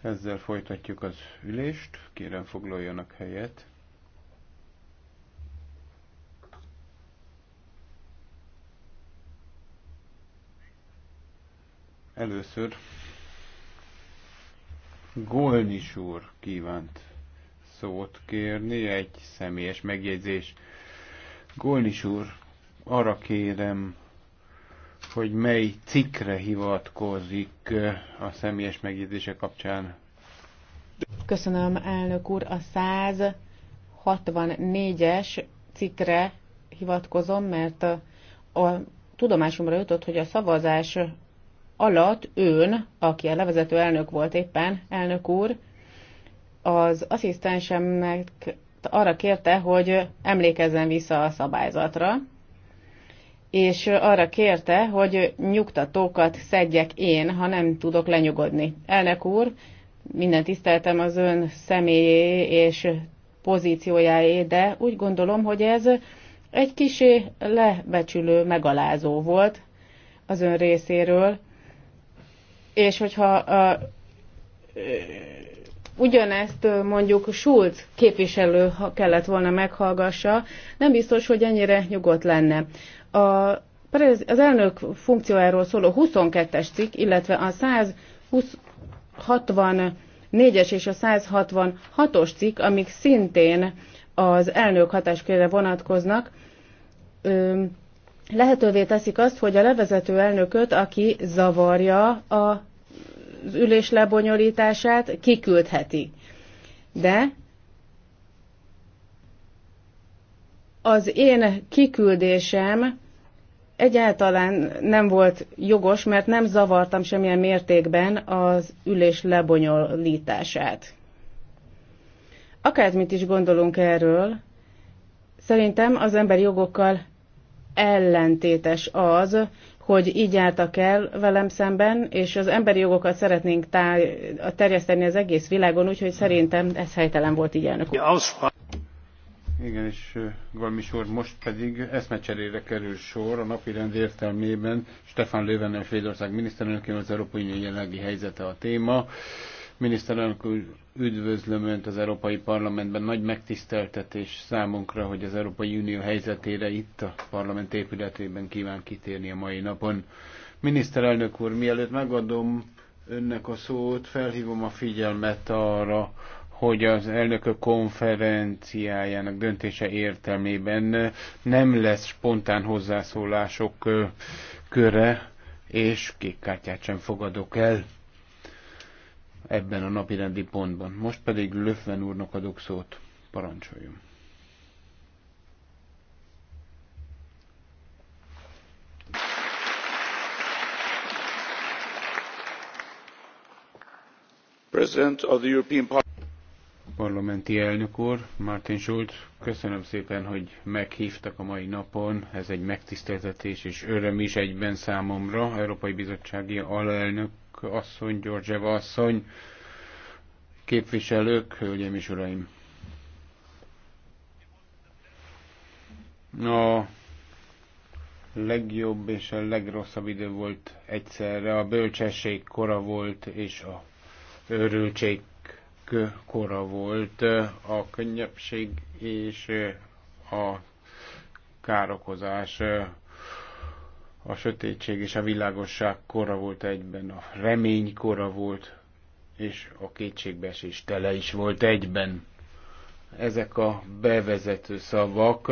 Ezzel folytatjuk az ülést. Kérem foglaljanak helyet. Először Golnis úr kívánt szót kérni, egy személyes megjegyzés. Golnis úr, arra kérem, hogy mely cikkre hivatkozik a személyes megjegyzése kapcsán. Köszönöm, elnök úr. A 164-es cikkre hivatkozom, mert a tudomásomra jutott, hogy a szavazás alatt ön, aki a levezető elnök volt éppen, elnök úr, az asszisztensemnek arra kérte, hogy emlékezzen vissza a szabályzatra, és arra kérte, hogy nyugtatókat szedjek én, ha nem tudok lenyugodni. Elnök úr, minden tiszteltem az ön személyé és pozíciójáé, de úgy gondolom, hogy ez egy kisé lebecsülő, megalázó volt az ön részéről, és hogyha a, ugyanezt mondjuk Schulz képviselő kellett volna meghallgassa, nem biztos, hogy ennyire nyugodt lenne. A, az elnök funkciójáról szóló 22-es cikk, illetve a 164-es és a 166-os cikk, amik szintén az elnök hatáskörére vonatkoznak, lehetővé teszik azt, hogy a levezető elnököt, aki zavarja a az ülés lebonyolítását kiküldheti. De az én kiküldésem egyáltalán nem volt jogos, mert nem zavartam semmilyen mértékben az ülés lebonyolítását. Akármit is gondolunk erről, szerintem az emberi jogokkal ellentétes az, hogy így jártak el velem szemben, és az emberi jogokat szeretnénk táj, terjeszteni az egész világon, úgyhogy szerintem ez helytelen volt így elnök. Igen, és Galmis úr, most pedig eszmecserére kerül sor a napi rend értelmében. Stefan Löfven, Svédország miniszterelnökével az Európai Unió jelenlegi helyzete a téma. Miniszterelnök úr, üdvözlöm Önt az Európai Parlamentben. Nagy megtiszteltetés számunkra, hogy az Európai Unió helyzetére itt a parlament épületében kíván kitérni a mai napon. Miniszterelnök úr, mielőtt megadom Önnek a szót, felhívom a figyelmet arra, hogy az elnökök konferenciájának döntése értelmében nem lesz spontán hozzászólások köre, és kék kártyát sem fogadok el ebben a napirendi pontban. Most pedig Löfven úrnak adok szót. Parancsoljon. President of the European Parliament parlamenti elnök úr, Martin Schulz, köszönöm szépen, hogy meghívtak a mai napon. Ez egy megtiszteltetés és öröm is egyben számomra. Európai Bizottsági Alelnök asszony, Györgyeva asszony, képviselők, hölgyeim és uraim. A legjobb és a legrosszabb idő volt egyszerre. A bölcsesség kora volt, és a őrültség kora volt a könnyebbség és a károkozás, a sötétség és a világosság kora volt egyben, a remény kora volt, és a kétségbeesés tele is volt egyben. Ezek a bevezető szavak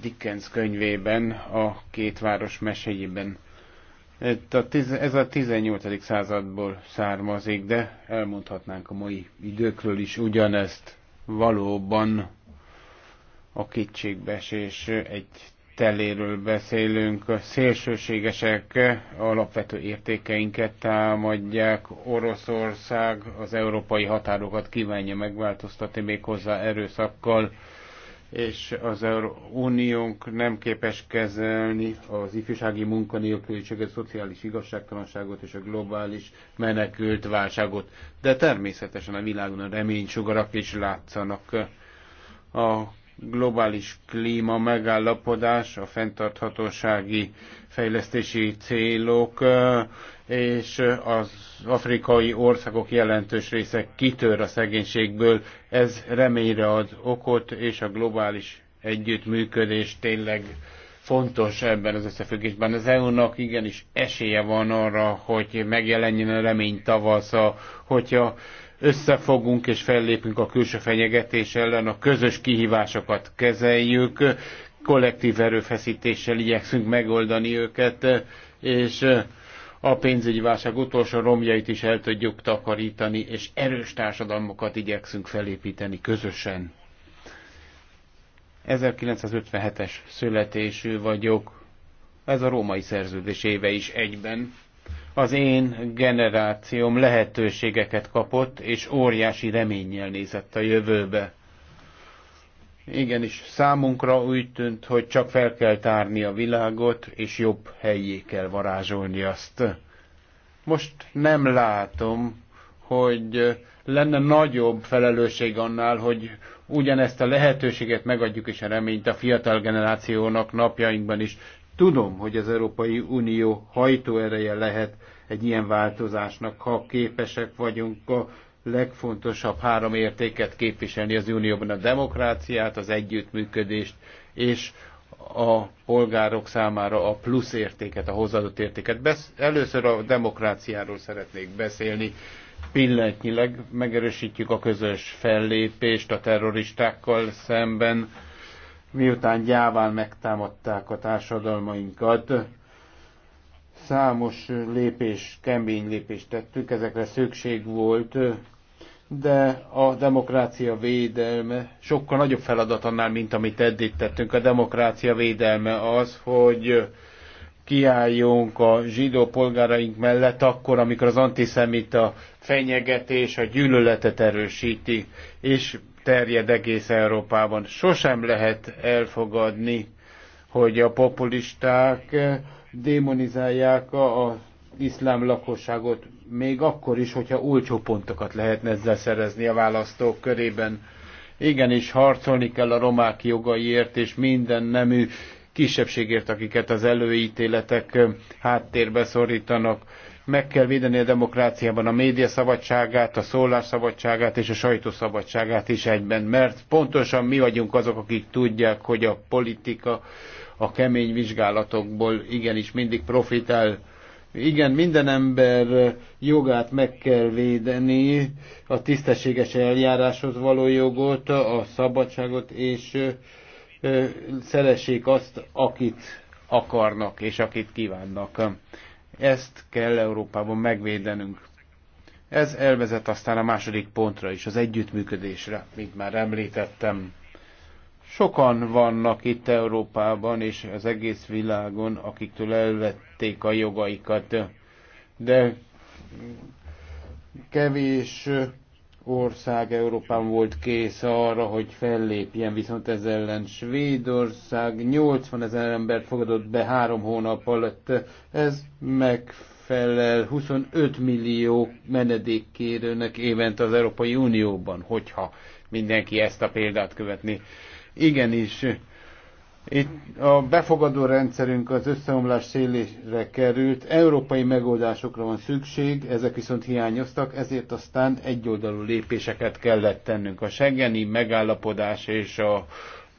Dickens könyvében, a két város meséjében ez a 18. századból származik, de elmondhatnánk a mai időkről is ugyanezt. Valóban a és egy teléről beszélünk, a szélsőségesek alapvető értékeinket támadják, Oroszország az európai határokat kívánja megváltoztatni méghozzá erőszakkal, és az Uniónk nem képes kezelni az ifjúsági munkanélküliséget, szociális igazságtalanságot és a globális menekült válságot. De természetesen a világon a reménysugarak is látszanak. A globális klíma megállapodás, a fenntarthatósági fejlesztési célok és az afrikai országok jelentős része kitör a szegénységből. Ez reményre ad okot, és a globális együttműködés tényleg fontos ebben az összefüggésben. Az EU-nak igenis esélye van arra, hogy megjelenjen a remény tavasza, hogyha összefogunk és fellépünk a külső fenyegetés ellen, a közös kihívásokat kezeljük, kollektív erőfeszítéssel igyekszünk megoldani őket, és a pénzügyi válság utolsó romjait is el tudjuk takarítani, és erős társadalmokat igyekszünk felépíteni közösen. 1957-es születésű vagyok, ez a római szerződés éve is egyben. Az én generációm lehetőségeket kapott, és óriási reménnyel nézett a jövőbe. Igenis, számunkra úgy tűnt, hogy csak fel kell tárni a világot, és jobb helyé kell varázsolni azt. Most nem látom, hogy lenne nagyobb felelősség annál, hogy ugyanezt a lehetőséget megadjuk és a reményt a fiatal generációnak napjainkban is. Tudom, hogy az Európai Unió hajtóereje lehet egy ilyen változásnak, ha képesek vagyunk a legfontosabb három értéket képviselni az Unióban, a demokráciát, az együttműködést és a polgárok számára a plusz értéket, a hozzáadott értéket. először a demokráciáról szeretnék beszélni. Pillanatnyilag megerősítjük a közös fellépést a terroristákkal szemben, miután gyáván megtámadták a társadalmainkat. Számos lépés, kemény lépést tettük, ezekre szükség volt, de a demokrácia védelme sokkal nagyobb feladat annál, mint amit eddig tettünk. A demokrácia védelme az, hogy kiálljunk a zsidó polgáraink mellett akkor, amikor az antiszemita fenyegetés a gyűlöletet erősíti, és terjed egész Európában. Sosem lehet elfogadni, hogy a populisták démonizálják a iszlám lakosságot még akkor is, hogyha olcsó pontokat lehetne ezzel szerezni a választók körében. Igenis, harcolni kell a romák jogaiért és minden nemű kisebbségért, akiket az előítéletek háttérbe szorítanak. Meg kell védeni a demokráciában a média szabadságát, a szólásszabadságát és a sajtószabadságát is egyben, mert pontosan mi vagyunk azok, akik tudják, hogy a politika a kemény vizsgálatokból igenis mindig profitál igen, minden ember jogát meg kell védeni, a tisztességes eljáráshoz való jogot, a szabadságot, és szeressék azt, akit akarnak és akit kívánnak. Ezt kell Európában megvédenünk. Ez elvezet aztán a második pontra is, az együttműködésre, mint már említettem. Sokan vannak itt Európában és az egész világon, akiktől elvették a jogaikat, de kevés ország Európán volt kész arra, hogy fellépjen, viszont ez ellen Svédország 80 ezer embert fogadott be három hónap alatt. Ez megfelel 25 millió menedékkérőnek évente az Európai Unióban, hogyha mindenki ezt a példát követni. Igenis, itt a befogadó rendszerünk az összeomlás szélére került, európai megoldásokra van szükség, ezek viszont hiányoztak, ezért aztán egyoldalú lépéseket kellett tennünk. A Schengeni megállapodás és a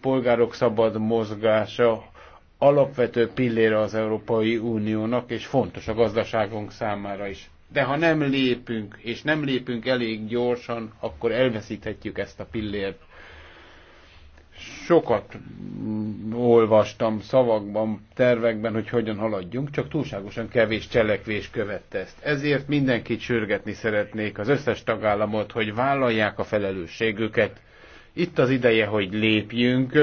polgárok szabad mozgása alapvető pillére az Európai Uniónak, és fontos a gazdaságunk számára is. De ha nem lépünk, és nem lépünk elég gyorsan, akkor elveszíthetjük ezt a pillért sokat olvastam szavakban, tervekben, hogy hogyan haladjunk, csak túlságosan kevés cselekvés követte ezt. Ezért mindenkit sürgetni szeretnék, az összes tagállamot, hogy vállalják a felelősségüket. Itt az ideje, hogy lépjünk,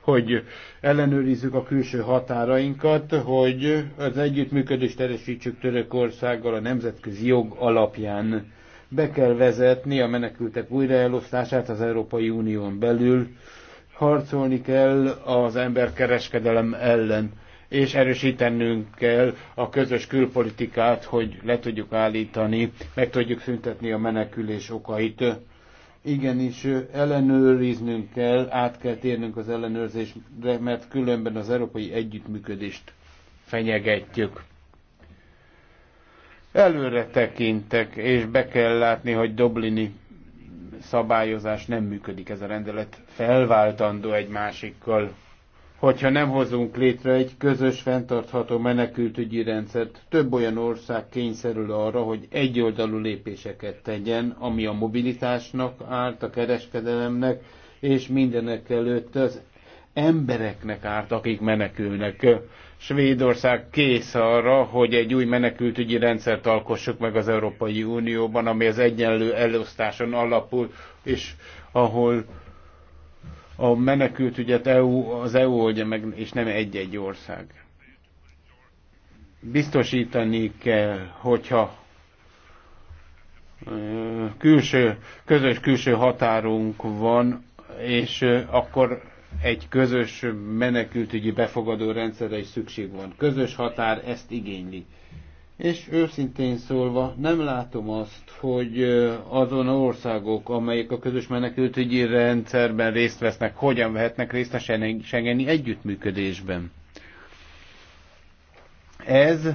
hogy ellenőrizzük a külső határainkat, hogy az együttműködést erősítsük Törökországgal a nemzetközi jog alapján. Be kell vezetni a menekültek újraelosztását az Európai Unión belül, harcolni kell az emberkereskedelem ellen, és erősítenünk kell a közös külpolitikát, hogy le tudjuk állítani, meg tudjuk szüntetni a menekülés okait. Igenis, ellenőriznünk kell, át kell térnünk az ellenőrzésre, mert különben az európai együttműködést fenyegetjük előre tekintek, és be kell látni, hogy Dublini szabályozás nem működik, ez a rendelet felváltandó egy másikkal. Hogyha nem hozunk létre egy közös, fenntartható menekültügyi rendszert, több olyan ország kényszerül arra, hogy egyoldalú lépéseket tegyen, ami a mobilitásnak árt, a kereskedelemnek, és mindenek előtt az embereknek árt, akik menekülnek. Svédország kész arra, hogy egy új menekültügyi rendszert alkossuk meg az Európai Unióban, ami az egyenlő elosztáson alapul, és ahol a menekültügyet EU, az EU oldja meg, és nem egy-egy ország. Biztosítani kell, hogyha külső, közös külső határunk van, és akkor egy közös menekültügyi befogadó rendszerre is szükség van. Közös határ ezt igényli. És őszintén szólva nem látom azt, hogy azon országok, amelyek a közös menekültügyi rendszerben részt vesznek, hogyan vehetnek részt a Schengeni együttműködésben. Ez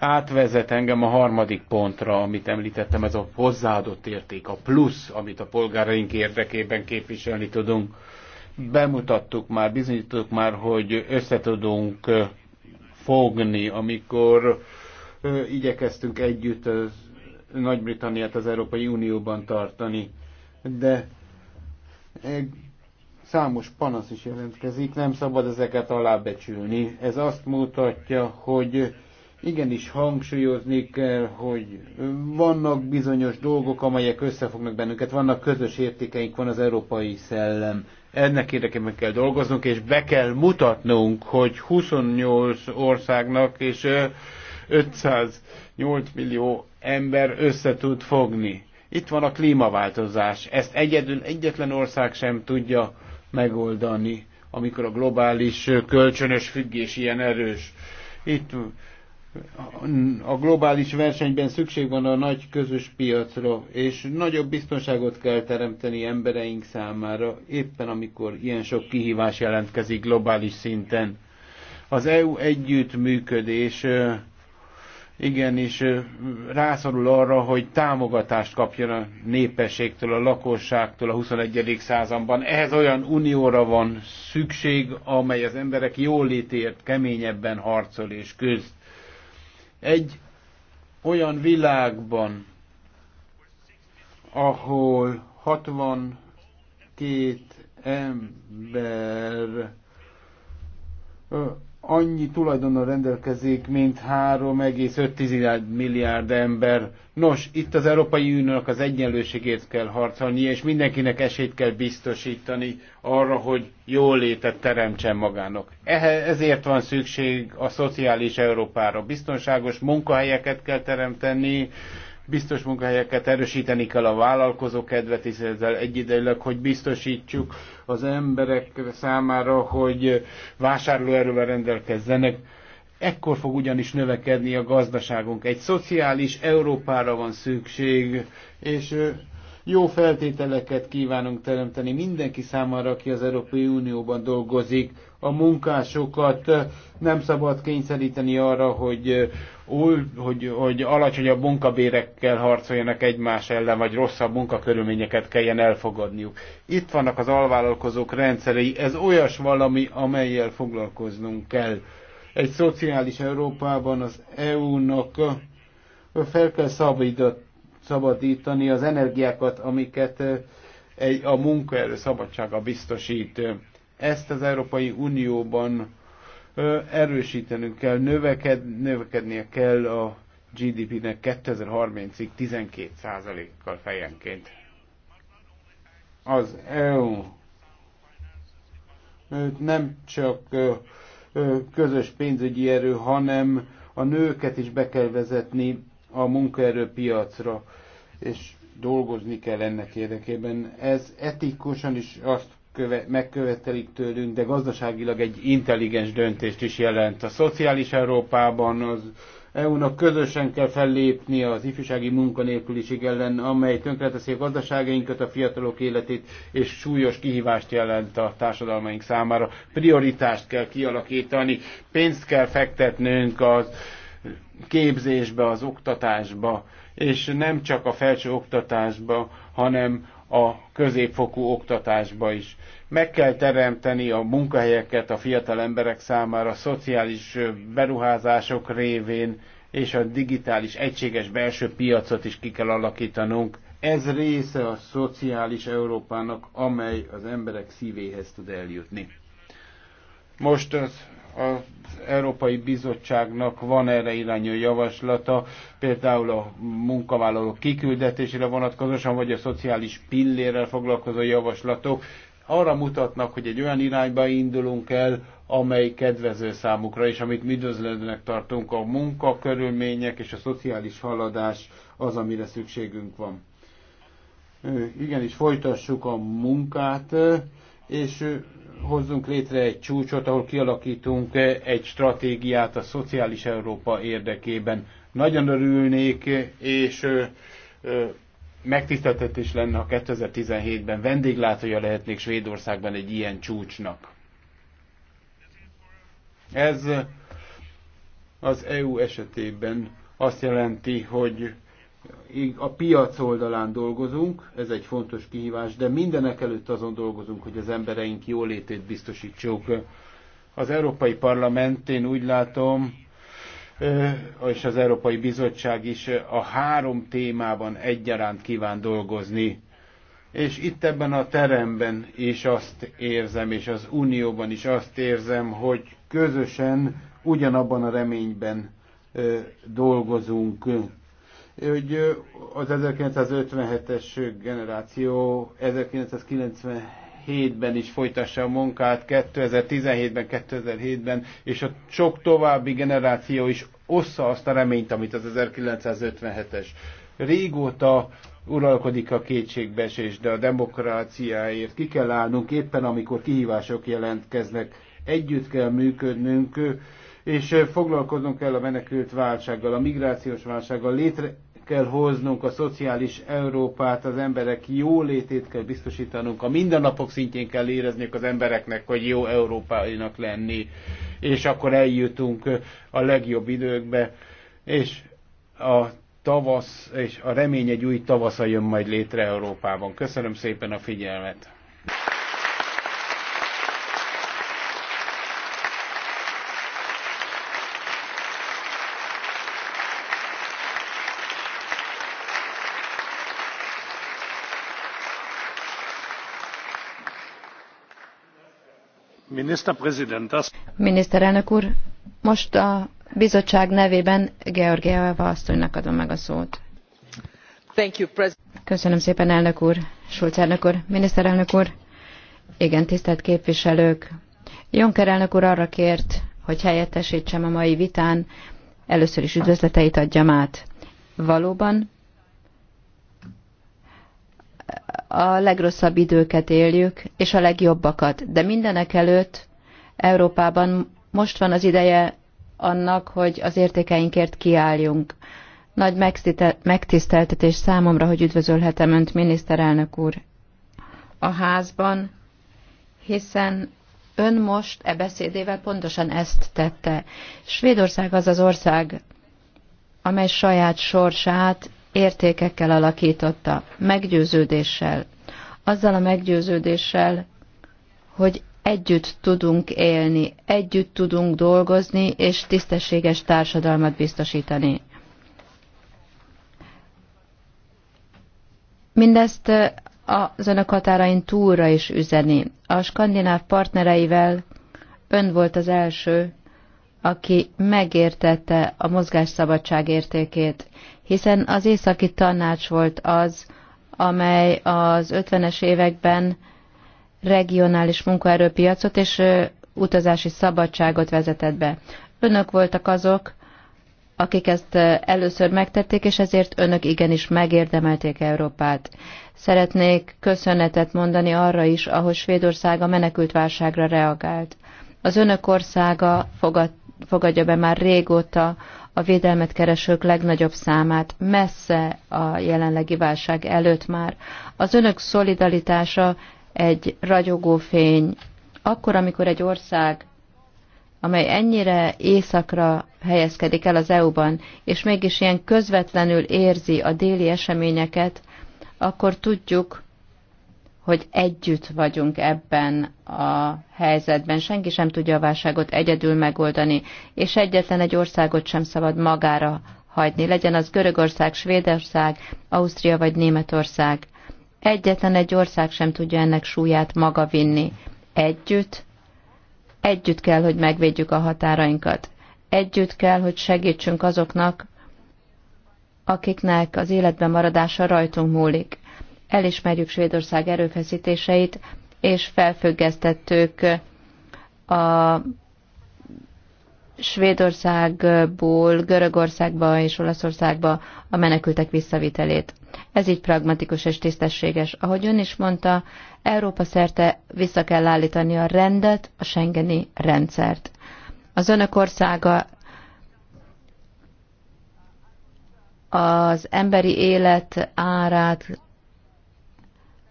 átvezet engem a harmadik pontra, amit említettem, ez a hozzáadott érték, a plusz, amit a polgáraink érdekében képviselni tudunk. Bemutattuk már, bizonyítottuk már, hogy összetudunk fogni, amikor igyekeztünk együtt az Nagy-Britanniát az Európai Unióban tartani, de számos panasz is jelentkezik, nem szabad ezeket alábecsülni. Ez azt mutatja, hogy igenis hangsúlyozni kell, hogy vannak bizonyos dolgok, amelyek összefognak bennünket, vannak közös értékeink, van az európai szellem. Ennek érdekében kell dolgoznunk, és be kell mutatnunk, hogy 28 országnak és 508 millió ember össze tud fogni. Itt van a klímaváltozás. Ezt egyedül egyetlen ország sem tudja megoldani, amikor a globális kölcsönös függés ilyen erős. Itt a globális versenyben szükség van a nagy közös piacra, és nagyobb biztonságot kell teremteni embereink számára, éppen amikor ilyen sok kihívás jelentkezik globális szinten. Az EU együttműködés igenis rászorul arra, hogy támogatást kapjon a népességtől, a lakosságtól a 21. században. Ehhez olyan unióra van szükség, amely az emberek jólétért keményebben harcol és közt. Egy olyan világban, ahol 62 ember annyi tulajdonnal rendelkezik, mint 3,5 milliárd ember. Nos, itt az Európai Uniónak az egyenlőségét kell harcolni, és mindenkinek esélyt kell biztosítani arra, hogy jól létet teremtsen magának. Ezért van szükség a szociális Európára. Biztonságos munkahelyeket kell teremteni, biztos munkahelyeket erősíteni kell a vállalkozó kedvet, és ezzel egyidejűleg, hogy biztosítsuk az emberek számára, hogy vásárlóerővel rendelkezzenek. Ekkor fog ugyanis növekedni a gazdaságunk. Egy szociális Európára van szükség, és jó feltételeket kívánunk teremteni mindenki számára, aki az Európai Unióban dolgozik. A munkásokat nem szabad kényszeríteni arra, hogy, hogy, hogy alacsonyabb munkabérekkel harcoljanak egymás ellen, vagy rosszabb munkakörülményeket kelljen elfogadniuk. Itt vannak az alvállalkozók rendszerei, ez olyas valami, amelyel foglalkoznunk kell. Egy szociális Európában az EU-nak fel kell szabadítani szabadítani az energiákat, amiket egy, a munkaerő szabadsága biztosít. Ezt az Európai Unióban erősítenünk kell, növeked, növekednie kell a GDP-nek 2030-ig 12%-kal fejenként. Az EU nem csak közös pénzügyi erő, hanem a nőket is be kell vezetni a munkaerőpiacra és dolgozni kell ennek érdekében. Ez etikusan is azt köve, megkövetelik tőlünk, de gazdaságilag egy intelligens döntést is jelent. A szociális Európában az EU-nak közösen kell fellépni az ifjúsági munkanélküliség ellen, amely tönkreteszi a gazdaságainkat, a fiatalok életét, és súlyos kihívást jelent a társadalmaink számára. Prioritást kell kialakítani, pénzt kell fektetnünk az képzésbe, az oktatásba, és nem csak a felső oktatásba, hanem a középfokú oktatásba is. Meg kell teremteni a munkahelyeket a fiatal emberek számára, a szociális beruházások révén, és a digitális egységes belső piacot is ki kell alakítanunk. Ez része a szociális Európának, amely az emberek szívéhez tud eljutni. Most az az Európai Bizottságnak van erre irányú javaslata, például a munkavállalók kiküldetésére vonatkozóan, vagy a szociális pillérrel foglalkozó javaslatok arra mutatnak, hogy egy olyan irányba indulunk el, amely kedvező számukra, és amit mi üdvözlendőnek tartunk, a munkakörülmények és a szociális haladás az, amire szükségünk van. Igen és folytassuk a munkát és hozzunk létre egy csúcsot, ahol kialakítunk egy stratégiát a szociális Európa érdekében. Nagyon örülnék, és megtiszteltetés lenne, ha 2017-ben vendéglátója lehetnék Svédországban egy ilyen csúcsnak. Ez az EU esetében azt jelenti, hogy a piac oldalán dolgozunk, ez egy fontos kihívás, de mindenek előtt azon dolgozunk, hogy az embereink jólétét biztosítsuk. Az Európai Parlament, én úgy látom, és az Európai Bizottság is a három témában egyaránt kíván dolgozni. És itt ebben a teremben is azt érzem, és az Unióban is azt érzem, hogy közösen ugyanabban a reményben dolgozunk hogy az 1957-es generáció 1997-ben is folytassa a munkát, 2017-ben, 2007-ben, és a sok további generáció is ossza azt a reményt, amit az 1957-es. Régóta uralkodik a kétségbesés, de a demokráciáért ki kell állnunk éppen, amikor kihívások jelentkeznek. Együtt kell működnünk, és foglalkoznunk kell a menekült válsággal, a migrációs válsággal. Létre kell hoznunk a szociális Európát, az emberek jólétét kell biztosítanunk, a mindennapok szintjén kell érezniük az embereknek, hogy jó európainak lenni, és akkor eljutunk a legjobb időkbe, és a tavasz, és a remény egy új tavasza jön majd létre Európában. Köszönöm szépen a figyelmet! Miniszterelnök úr, most a bizottság nevében Georgieva asszonynak adom meg a szót. Köszönöm szépen, elnök úr, Schulz elnök úr, miniszterelnök úr, igen, tisztelt képviselők. Juncker elnök úr arra kért, hogy helyettesítsem a mai vitán, először is üdvözleteit adjam át. Valóban a legrosszabb időket éljük, és a legjobbakat. De mindenek előtt Európában most van az ideje annak, hogy az értékeinkért kiálljunk. Nagy megtiszteltetés számomra, hogy üdvözölhetem Önt, miniszterelnök úr, a házban, hiszen Ön most e beszédével pontosan ezt tette. Svédország az az ország, amely saját sorsát értékekkel alakította, meggyőződéssel, azzal a meggyőződéssel, hogy együtt tudunk élni, együtt tudunk dolgozni, és tisztességes társadalmat biztosítani. Mindezt az önök határain túlra is üzeni. A skandináv partnereivel ön volt az első, aki megértette a mozgásszabadság értékét, hiszen az északi tanács volt az, amely az 50-es években regionális munkaerőpiacot és utazási szabadságot vezetett be. Önök voltak azok, akik ezt először megtették, és ezért önök igenis megérdemelték Európát. Szeretnék köszönetet mondani arra is, ahogy Svédország a menekültválságra reagált. Az önök országa fogad, fogadja be már régóta a védelmet keresők legnagyobb számát, messze a jelenlegi válság előtt már. Az önök szolidaritása egy ragyogó fény. Akkor, amikor egy ország, amely ennyire északra helyezkedik el az EU-ban, és mégis ilyen közvetlenül érzi a déli eseményeket, akkor tudjuk, hogy együtt vagyunk ebben a helyzetben. Senki sem tudja a válságot egyedül megoldani, és egyetlen egy országot sem szabad magára hagyni, legyen az Görögország, Svédország, Ausztria vagy Németország. Egyetlen egy ország sem tudja ennek súlyát maga vinni. Együtt, együtt kell, hogy megvédjük a határainkat. Együtt kell, hogy segítsünk azoknak, akiknek az életben maradása rajtunk múlik elismerjük Svédország erőfeszítéseit, és felfüggesztettük a Svédországból, Görögországba és Olaszországba a menekültek visszavitelét. Ez így pragmatikus és tisztességes. Ahogy ön is mondta, Európa szerte vissza kell állítani a rendet, a Schengeni rendszert. Az önök országa az emberi élet árát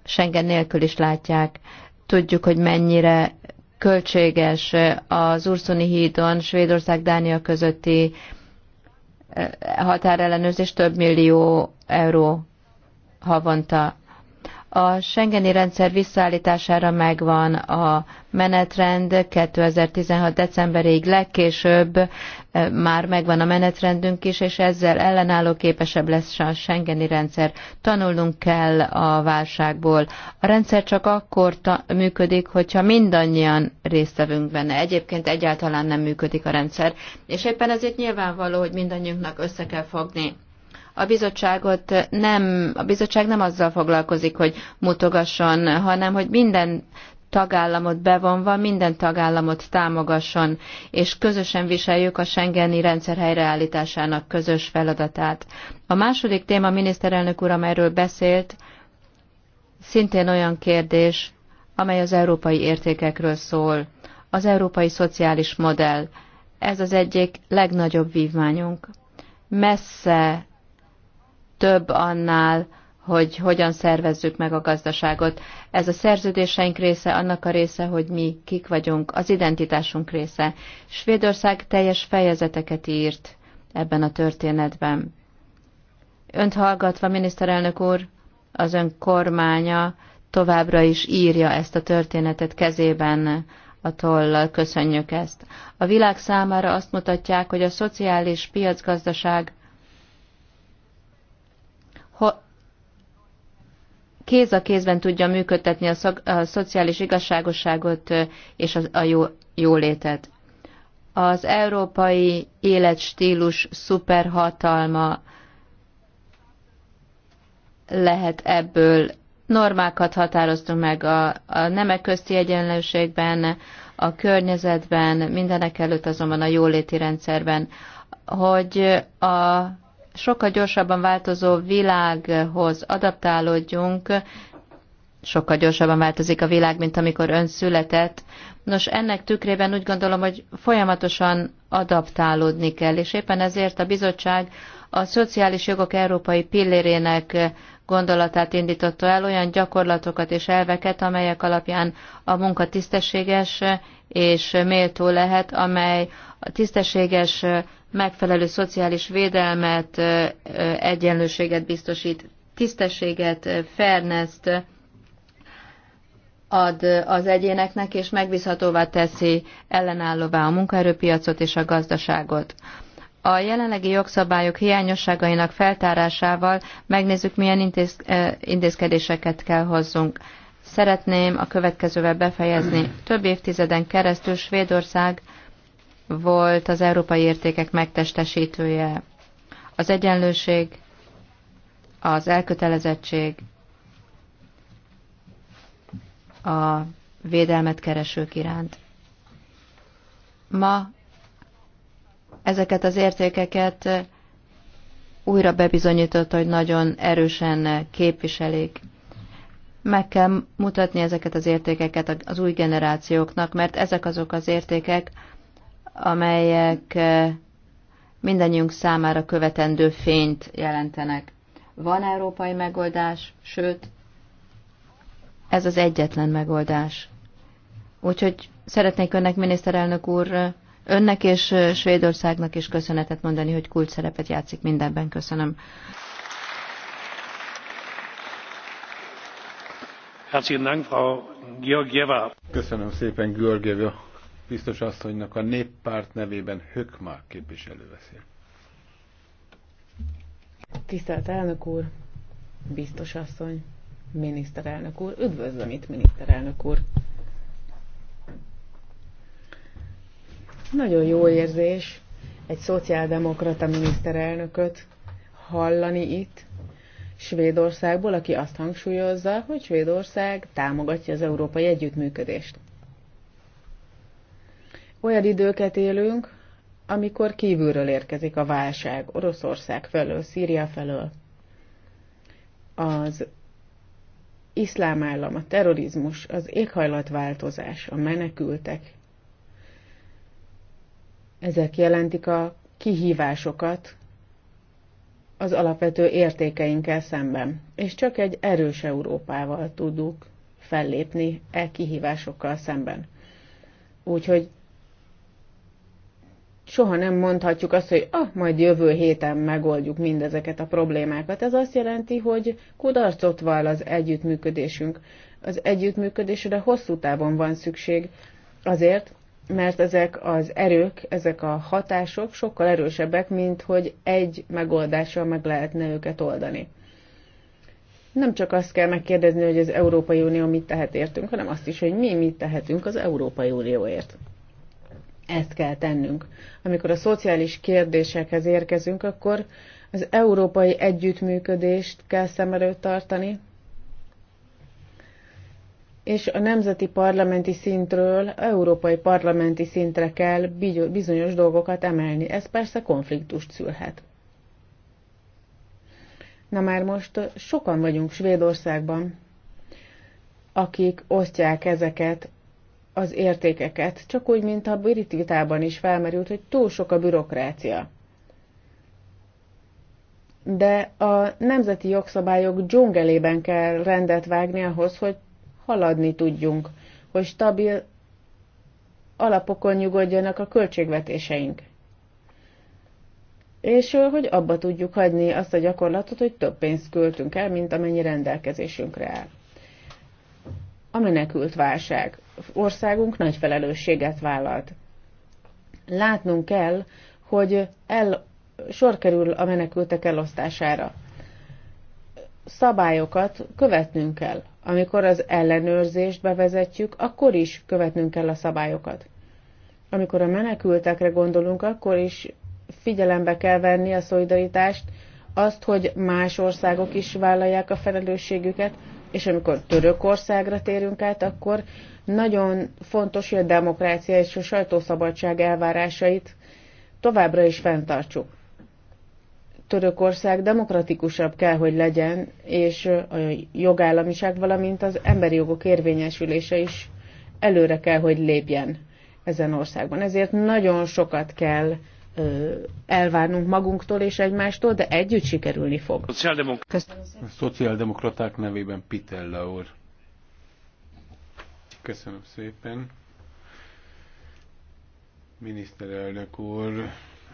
Schengen nélkül is látják. Tudjuk, hogy mennyire költséges az Urszoni hídon Svédország-Dánia közötti eh, határellenőrzés több millió euró havonta. A Schengeni rendszer visszaállítására megvan a menetrend 2016. decemberéig legkésőbb eh, már megvan a menetrendünk is, és ezzel ellenálló képesebb lesz a Schengeni rendszer. Tanulnunk kell a válságból. A rendszer csak akkor működik, hogyha mindannyian részt benne. Egyébként egyáltalán nem működik a rendszer. És éppen ezért nyilvánvaló, hogy mindannyiunknak össze kell fogni a bizottságot nem, a bizottság nem azzal foglalkozik, hogy mutogasson, hanem hogy minden tagállamot bevonva minden tagállamot támogasson, és közösen viseljük a Schengeni rendszer helyreállításának közös feladatát. A második téma, miniszterelnök úr, amelyről beszélt, szintén olyan kérdés, amely az európai értékekről szól. Az európai szociális modell. Ez az egyik legnagyobb vívmányunk. Messze több annál, hogy hogyan szervezzük meg a gazdaságot. Ez a szerződéseink része, annak a része, hogy mi kik vagyunk, az identitásunk része. Svédország teljes fejezeteket írt ebben a történetben. Önt hallgatva, miniszterelnök úr, az ön kormánya továbbra is írja ezt a történetet kezében a tollal. Köszönjük ezt. A világ számára azt mutatják, hogy a szociális piacgazdaság kéz a kézben tudja működtetni a, szok, a szociális igazságosságot és a, a jó, jólétet. Az európai életstílus szuperhatalma lehet ebből. Normákat határoztunk meg a, a nemek közti egyenlőségben, a környezetben, mindenek előtt azonban a jóléti rendszerben, hogy a sokkal gyorsabban változó világhoz adaptálódjunk, sokkal gyorsabban változik a világ, mint amikor ön született. Nos, ennek tükrében úgy gondolom, hogy folyamatosan adaptálódni kell, és éppen ezért a bizottság a szociális jogok európai pillérének gondolatát indította el olyan gyakorlatokat és elveket, amelyek alapján a munka tisztességes és méltó lehet, amely a tisztességes, megfelelő szociális védelmet, egyenlőséget biztosít, tisztességet, fairness-t ad az egyéneknek, és megbízhatóvá teszi ellenállóvá a munkaerőpiacot és a gazdaságot. A jelenlegi jogszabályok hiányosságainak feltárásával megnézzük, milyen intézkedéseket kell hozzunk. Szeretném a következővel befejezni. Több évtizeden keresztül Svédország volt az európai értékek megtestesítője. Az egyenlőség, az elkötelezettség, a védelmet keresők iránt. Ma ezeket az értékeket újra bebizonyította, hogy nagyon erősen képviselik meg kell mutatni ezeket az értékeket az új generációknak, mert ezek azok az értékek, amelyek eh, mindannyiunk számára követendő fényt jelentenek. Van európai megoldás, sőt, ez az egyetlen megoldás. Úgyhogy szeretnék önnek, miniszterelnök úr, önnek és eh, Svédországnak is köszönetet mondani, hogy kulcs szerepet játszik mindenben. Köszönöm. Köszönöm szépen Georgieva biztos asszonynak a néppárt nevében hökmark képviselő beszél. Tisztelt elnök úr, biztos asszony, miniszterelnök úr, üdvözlöm itt miniszterelnök úr. Nagyon jó érzés egy szociáldemokrata miniszterelnököt hallani itt, Svédországból, aki azt hangsúlyozza, hogy Svédország támogatja az európai együttműködést. Olyan időket élünk, amikor kívülről érkezik a válság, Oroszország felől, Szíria felől. Az iszlám állam, a terrorizmus, az éghajlatváltozás, a menekültek. Ezek jelentik a kihívásokat az alapvető értékeinkkel szemben. És csak egy erős Európával tudunk fellépni e kihívásokkal szemben. Úgyhogy soha nem mondhatjuk azt, hogy ah, majd jövő héten megoldjuk mindezeket a problémákat. Ez azt jelenti, hogy kudarcot vall az együttműködésünk. Az együttműködésre hosszú távon van szükség azért, mert ezek az erők, ezek a hatások sokkal erősebbek, mint hogy egy megoldással meg lehetne őket oldani. Nem csak azt kell megkérdezni, hogy az Európai Unió mit tehet értünk, hanem azt is, hogy mi mit tehetünk az Európai Unióért. Ezt kell tennünk. Amikor a szociális kérdésekhez érkezünk, akkor az európai együttműködést kell szem előtt tartani, és a nemzeti parlamenti szintről európai parlamenti szintre kell bizonyos dolgokat emelni. Ez persze konfliktust szülhet. Na már most sokan vagyunk Svédországban, akik osztják ezeket az értékeket, csak úgy, mint a brit vitában is felmerült, hogy túl sok a bürokrácia. De a nemzeti jogszabályok dzsungelében kell rendet vágni ahhoz, hogy haladni tudjunk, hogy stabil alapokon nyugodjanak a költségvetéseink. És hogy abba tudjuk hagyni azt a gyakorlatot, hogy több pénzt költünk el, mint amennyi rendelkezésünkre áll. A menekült válság. Országunk nagy felelősséget vállalt. Látnunk kell, hogy el, sor kerül a menekültek elosztására szabályokat követnünk kell. Amikor az ellenőrzést bevezetjük, akkor is követnünk kell a szabályokat. Amikor a menekültekre gondolunk, akkor is figyelembe kell venni a szolidaritást, azt, hogy más országok is vállalják a felelősségüket, és amikor Törökországra térünk át, akkor nagyon fontos, hogy a demokrácia és a sajtószabadság elvárásait továbbra is fenntartsuk. Törökország demokratikusabb kell, hogy legyen, és a jogállamiság, valamint az emberi jogok érvényesülése is előre kell, hogy lépjen ezen országban. Ezért nagyon sokat kell elvárnunk magunktól és egymástól, de együtt sikerülni fog. A szociáldemokraták nevében Pitella úr. Köszönöm szépen. Miniszterelnök úr,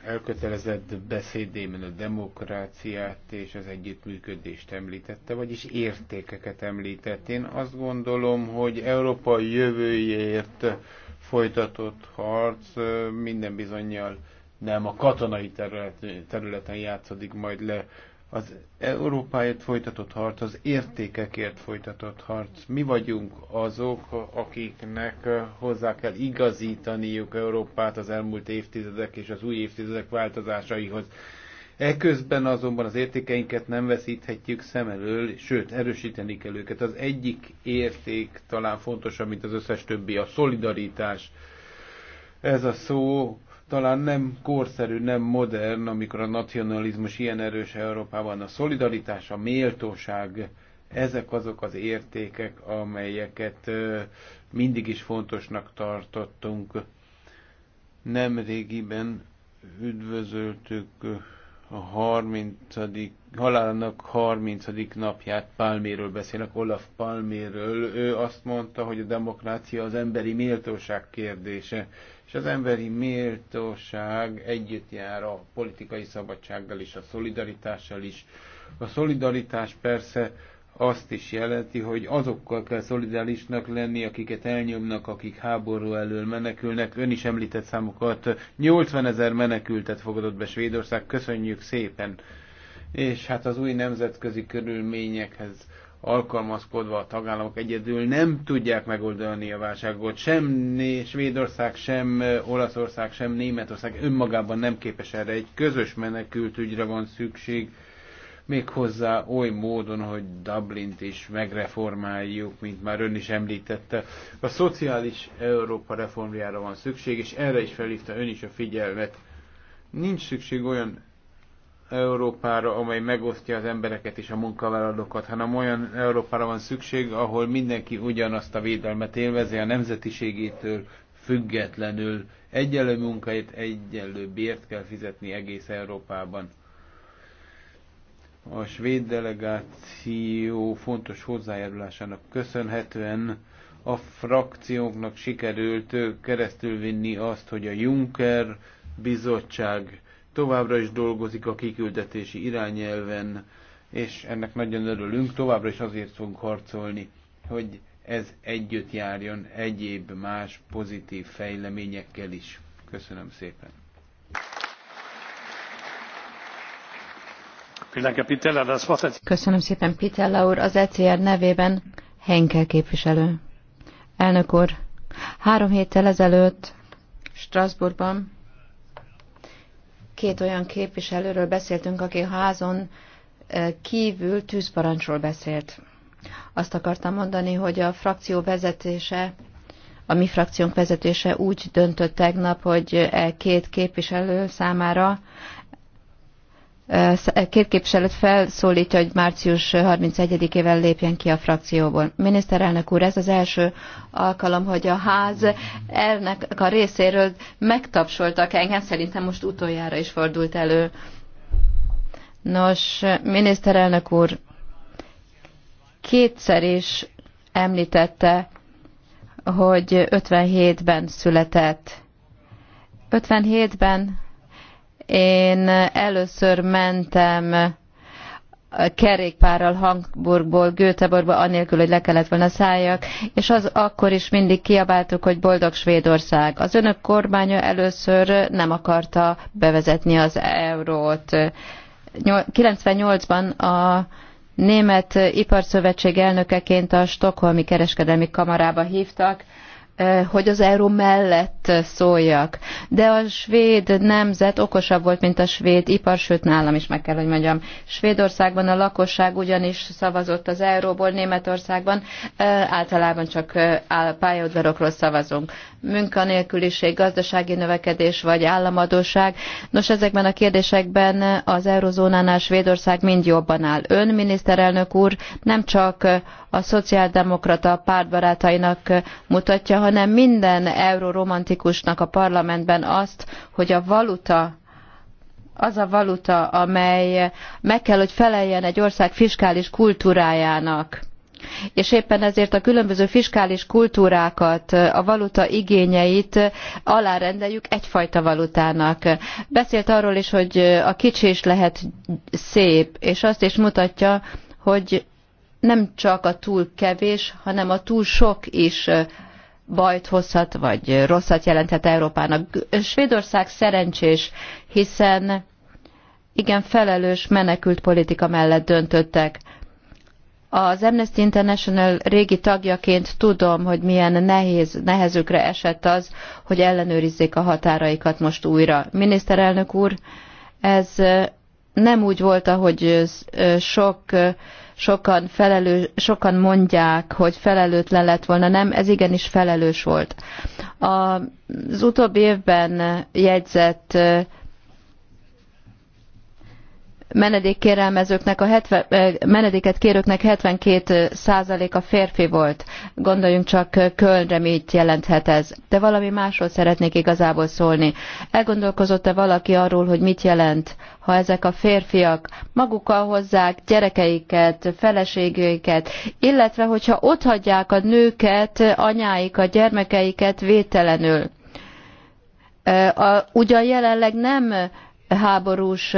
elkötelezett beszédében a demokráciát és az együttműködést említette, vagyis értékeket említett. Én azt gondolom, hogy Európa jövőjéért folytatott harc minden bizonyal nem a katonai területen játszódik majd le, az Európáért folytatott harc, az értékekért folytatott harc. Mi vagyunk azok, akiknek eh, hozzá kell igazítaniuk Európát az elmúlt évtizedek és az új évtizedek változásaihoz. Eközben azonban az értékeinket nem veszíthetjük szem elől, sőt, erősíteni kell őket. Az egyik érték talán fontosabb, mint az összes többi, a szolidaritás. Ez a szó talán nem korszerű, nem modern, amikor a nacionalizmus ilyen erős Európában. A szolidaritás, a méltóság, ezek azok az értékek, amelyeket mindig is fontosnak tartottunk. Nemrégiben üdvözöltük a 30. halálának 30. napját Palméről beszélek, Olaf Palméről. Ő azt mondta, hogy a demokrácia az emberi méltóság kérdése az emberi méltóság együtt jár a politikai szabadsággal és a szolidaritással is. A szolidaritás persze azt is jelenti, hogy azokkal kell szolidálisnak lenni, akiket elnyomnak, akik háború elől menekülnek. Ön is említett számokat, 80 ezer menekültet fogadott be Svédország, köszönjük szépen. És hát az új nemzetközi körülményekhez alkalmazkodva a tagállamok egyedül nem tudják megoldani a válságot. Sem Svédország, sem Olaszország, sem Németország önmagában nem képes erre. Egy közös menekültügyre van szükség, méghozzá oly módon, hogy Dublint is megreformáljuk, mint már ön is említette. A szociális Európa reformjára van szükség, és erre is felhívta ön is a figyelmet. Nincs szükség olyan Európára, amely megosztja az embereket és a munkavállalókat, hanem olyan Európára van szükség, ahol mindenki ugyanazt a védelmet élvezi a nemzetiségétől függetlenül. Egyenlő munkáért, egyenlő bért kell fizetni egész Európában. A svéd delegáció fontos hozzájárulásának köszönhetően a frakcióknak sikerült keresztülvinni azt, hogy a Juncker bizottság továbbra is dolgozik a kiküldetési irányelven, és ennek nagyon örülünk, továbbra is azért fogunk harcolni, hogy ez együtt járjon egyéb más pozitív fejleményekkel is. Köszönöm szépen! Köszönöm szépen, Pitella úr. Az ECR nevében Henkel képviselő. Elnök úr, három héttel ezelőtt Strasbourgban két olyan képviselőről beszéltünk, aki házon kívül tűzparancsról beszélt. Azt akartam mondani, hogy a frakció vezetése, a mi frakciónk vezetése úgy döntött tegnap, hogy e két képviselő számára két képviselőt felszólítja, hogy március 31-ével lépjen ki a frakcióból. Miniszterelnök úr, ez az első alkalom, hogy a ház ennek a részéről megtapsoltak engem, szerintem most utoljára is fordult elő. Nos, miniszterelnök úr, kétszer is említette, hogy 57-ben született. 57-ben én először mentem kerékpárral Hamburgból Göteborgba, anélkül, hogy le kellett volna szálljak, és az akkor is mindig kiabáltuk, hogy boldog Svédország. Az önök kormánya először nem akarta bevezetni az eurót. 98-ban a német iparszövetség elnökeként a Stokholmi Kereskedelmi Kamarába hívtak, Eh, hogy az euró mellett szóljak. De a svéd nemzet okosabb volt, mint a svéd ipar, sőt nálam is meg kell, hogy mondjam. Svédországban a lakosság ugyanis szavazott az euróból, Németországban eh, általában csak eh, pályaudvarokról szavazunk. Munkanélküliség, gazdasági növekedés vagy államadóság. Nos, ezekben a kérdésekben az eurozónánál Svédország mind jobban áll. Ön, miniszterelnök úr, nem csak a szociáldemokrata pártbarátainak mutatja, hanem minden euroromantikusnak a parlamentben azt, hogy a valuta az a valuta, amely meg kell, hogy feleljen egy ország fiskális kultúrájának. És éppen ezért a különböző fiskális kultúrákat, a valuta igényeit alárendeljük egyfajta valutának. Beszélt arról is, hogy a kicsi is lehet szép, és azt is mutatja, hogy nem csak a túl kevés, hanem a túl sok is bajt hozhat, vagy rosszat jelenthet Európának. Svédország szerencsés, hiszen igen felelős menekült politika mellett döntöttek. Az Amnesty International régi tagjaként tudom, hogy milyen nehéz, nehezükre esett az, hogy ellenőrizzék a határaikat most újra. Miniszterelnök úr, ez nem úgy volt, ahogy sok sokan, felelő, sokan mondják, hogy felelőtlen lett volna, nem, ez igenis felelős volt. Az utóbbi évben jegyzett menedékkérelmezőknek, a 70, menedéket kérőknek 72%-a férfi volt. Gondoljunk csak Kölnre, mit jelenthet ez. De valami másról szeretnék igazából szólni. Elgondolkozott-e valaki arról, hogy mit jelent, ha ezek a férfiak magukkal hozzák gyerekeiket, feleségüket, illetve hogyha otthagyják a nőket, anyáikat, gyermekeiket vételenül. Ugyan jelenleg nem háborús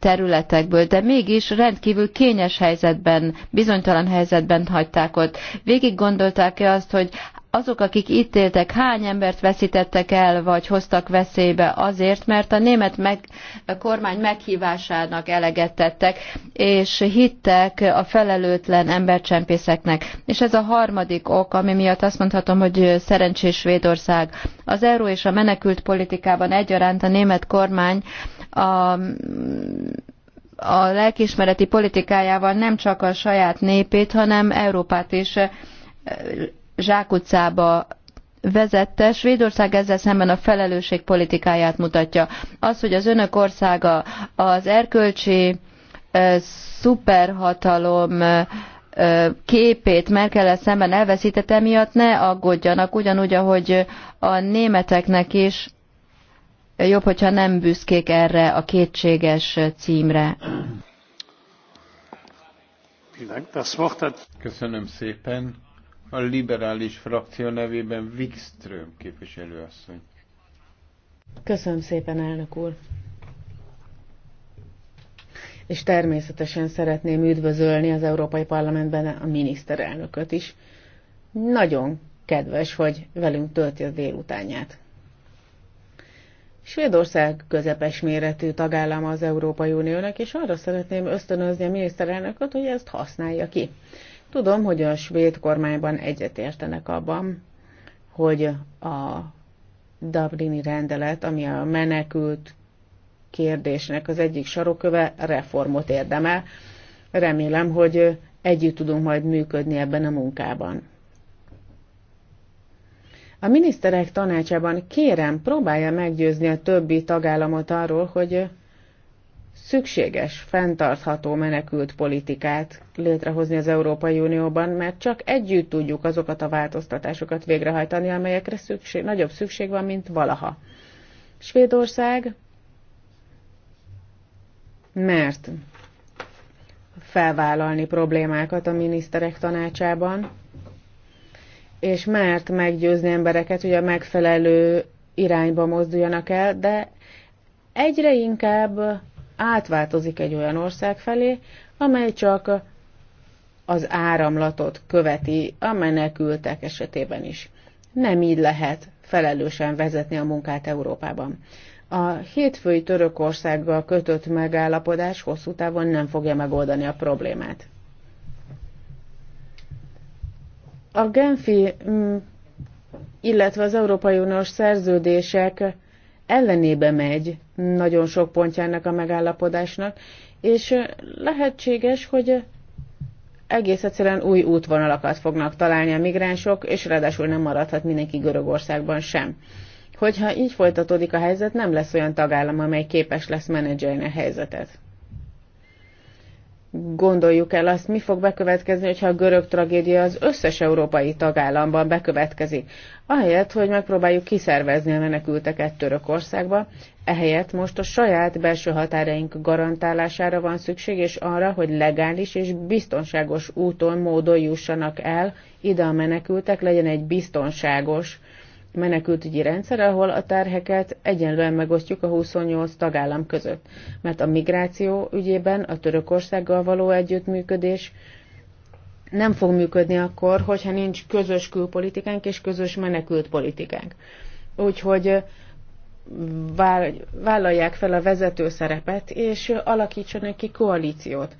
területekből, de mégis rendkívül kényes helyzetben, bizonytalan helyzetben hagyták ott. Végig gondolták-e azt, hogy azok, akik itt éltek, hány embert veszítettek el, vagy hoztak veszélybe azért, mert a német meg, a kormány meghívásának eleget tettek, és hittek a felelőtlen embercsempészeknek. És ez a harmadik ok, ami miatt azt mondhatom, hogy szerencsés Svédország. Az euró és a menekült politikában egyaránt a német kormány a a lelkismereti politikájával nem csak a saját népét, hanem Európát is eh, zsákutcába vezette, Svédország ezzel szemben a felelősség politikáját mutatja. Az, hogy az önök országa az erkölcsi eh, szuperhatalom eh, képét merkel -e szemben elveszítette, miatt ne aggódjanak, ugyanúgy, ahogy a németeknek is jobb, hogyha nem büszkék erre a kétséges címre. Köszönöm szépen. A liberális frakció nevében Wikström képviselőasszony. Köszönöm szépen, elnök úr. És természetesen szeretném üdvözölni az Európai Parlamentben a miniszterelnököt is. Nagyon kedves, hogy velünk tölti a délutánját. Svédország közepes méretű tagállama az Európai Uniónak, és arra szeretném ösztönözni a miniszterelnököt, hogy ezt használja ki. Tudom, hogy a svéd kormányban egyetértenek abban, hogy a Dublini rendelet, ami a menekült kérdésnek az egyik saroköve, reformot érdemel. Remélem, hogy együtt tudunk majd működni ebben a munkában. A miniszterek tanácsában kérem, próbálja meggyőzni a többi tagállamot arról, hogy szükséges, fenntartható menekült politikát létrehozni az Európai Unióban, mert csak együtt tudjuk azokat a változtatásokat végrehajtani, amelyekre szükség, nagyobb szükség van, mint valaha. Svédország, mert felvállalni problémákat a miniszterek tanácsában, és mert meggyőzni embereket, hogy a megfelelő irányba mozduljanak el, de egyre inkább átváltozik egy olyan ország felé, amely csak az áramlatot követi a menekültek esetében is. Nem így lehet felelősen vezetni a munkát Európában. A hétfői Törökországgal kötött megállapodás hosszú távon nem fogja megoldani a problémát. A Genfi, mm, illetve az Európai Uniós szerződések ellenébe megy nagyon sok pontjának a megállapodásnak, és lehetséges, hogy egész egyszerűen új útvonalakat fognak találni a migránsok, és ráadásul nem maradhat mindenki Görögországban sem. Hogyha így folytatódik a helyzet, nem lesz olyan tagállam, amely képes lesz menedzselni a helyzetet gondoljuk el azt, mi fog bekövetkezni, hogyha a görög tragédia az összes európai tagállamban bekövetkezik. Ahelyett, hogy megpróbáljuk kiszervezni a menekülteket Törökországba, ehelyett most a saját belső határaink garantálására van szükség, és arra, hogy legális és biztonságos úton, módon jussanak el ide a menekültek, legyen egy biztonságos menekültügyi rendszer, ahol a terheket egyenlően megosztjuk a 28 tagállam között. Mert a migráció ügyében a Törökországgal való együttműködés nem fog működni akkor, hogyha nincs közös külpolitikánk és közös menekült politikánk. Úgyhogy vállalják fel a vezető szerepet, és alakítsanak ki koalíciót.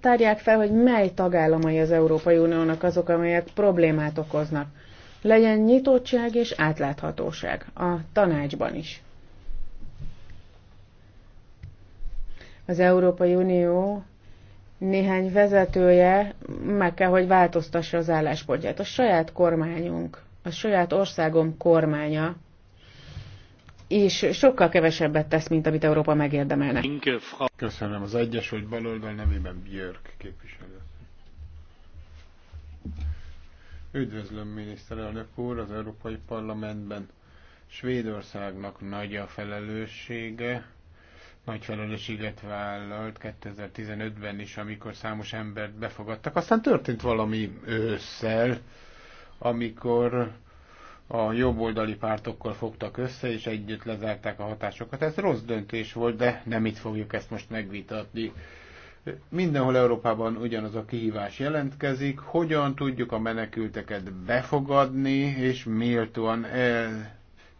Tárják fel, hogy mely tagállamai az Európai Uniónak azok, amelyek problémát okoznak legyen nyitottság és átláthatóság a tanácsban is. Az Európai Unió néhány vezetője meg kell, hogy változtassa az álláspontját. A saját kormányunk, a saját országom kormánya és sokkal kevesebbet tesz, mint amit Európa megérdemelne. Köszönöm az Egyesült hogy baloldal nevében Björk képviselő. Üdvözlöm, miniszterelnök úr, az Európai Parlamentben. Svédországnak nagy a felelőssége, nagy felelősséget vállalt 2015-ben is, amikor számos embert befogadtak. Aztán történt valami ősszel, amikor a jobboldali pártokkal fogtak össze, és együtt lezárták a hatásokat. Ez rossz döntés volt, de nem itt fogjuk ezt most megvitatni. Mindenhol Európában ugyanaz a kihívás jelentkezik, hogyan tudjuk a menekülteket befogadni és méltóan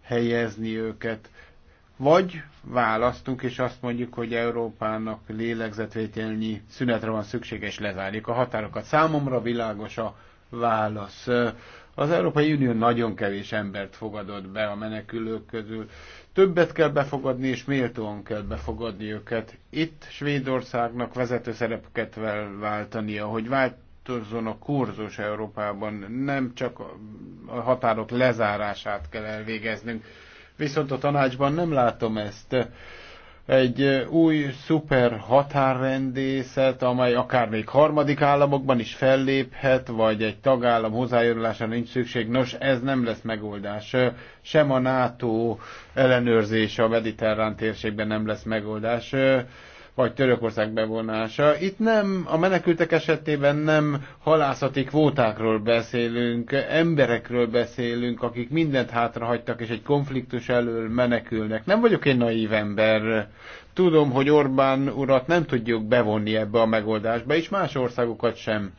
elhelyezni őket. Vagy választunk, és azt mondjuk, hogy Európának lélegzetvételnyi szünetre van szüksége, és lezárjuk a határokat. Számomra világos a válasz. Az Európai Unió nagyon kevés embert fogadott be a menekülők közül többet kell befogadni, és méltóan kell befogadni őket. Itt Svédországnak vezető szerepket kell váltania, hogy változzon a kurzus Európában, nem csak a határok lezárását kell elvégeznünk. Viszont a tanácsban nem látom ezt egy új szuper határrendészet, amely akár még harmadik államokban is felléphet, vagy egy tagállam hozzájárulására nincs szükség. Nos, ez nem lesz megoldás. Sem a NATO ellenőrzése a mediterrán térségben nem lesz megoldás vagy Törökország bevonása. Itt nem, a menekültek esetében nem halászati kvótákról beszélünk, emberekről beszélünk, akik mindent hátrahagytak, és egy konfliktus elől menekülnek. Nem vagyok én naív ember. Tudom, hogy Orbán urat nem tudjuk bevonni ebbe a megoldásba, és más országokat sem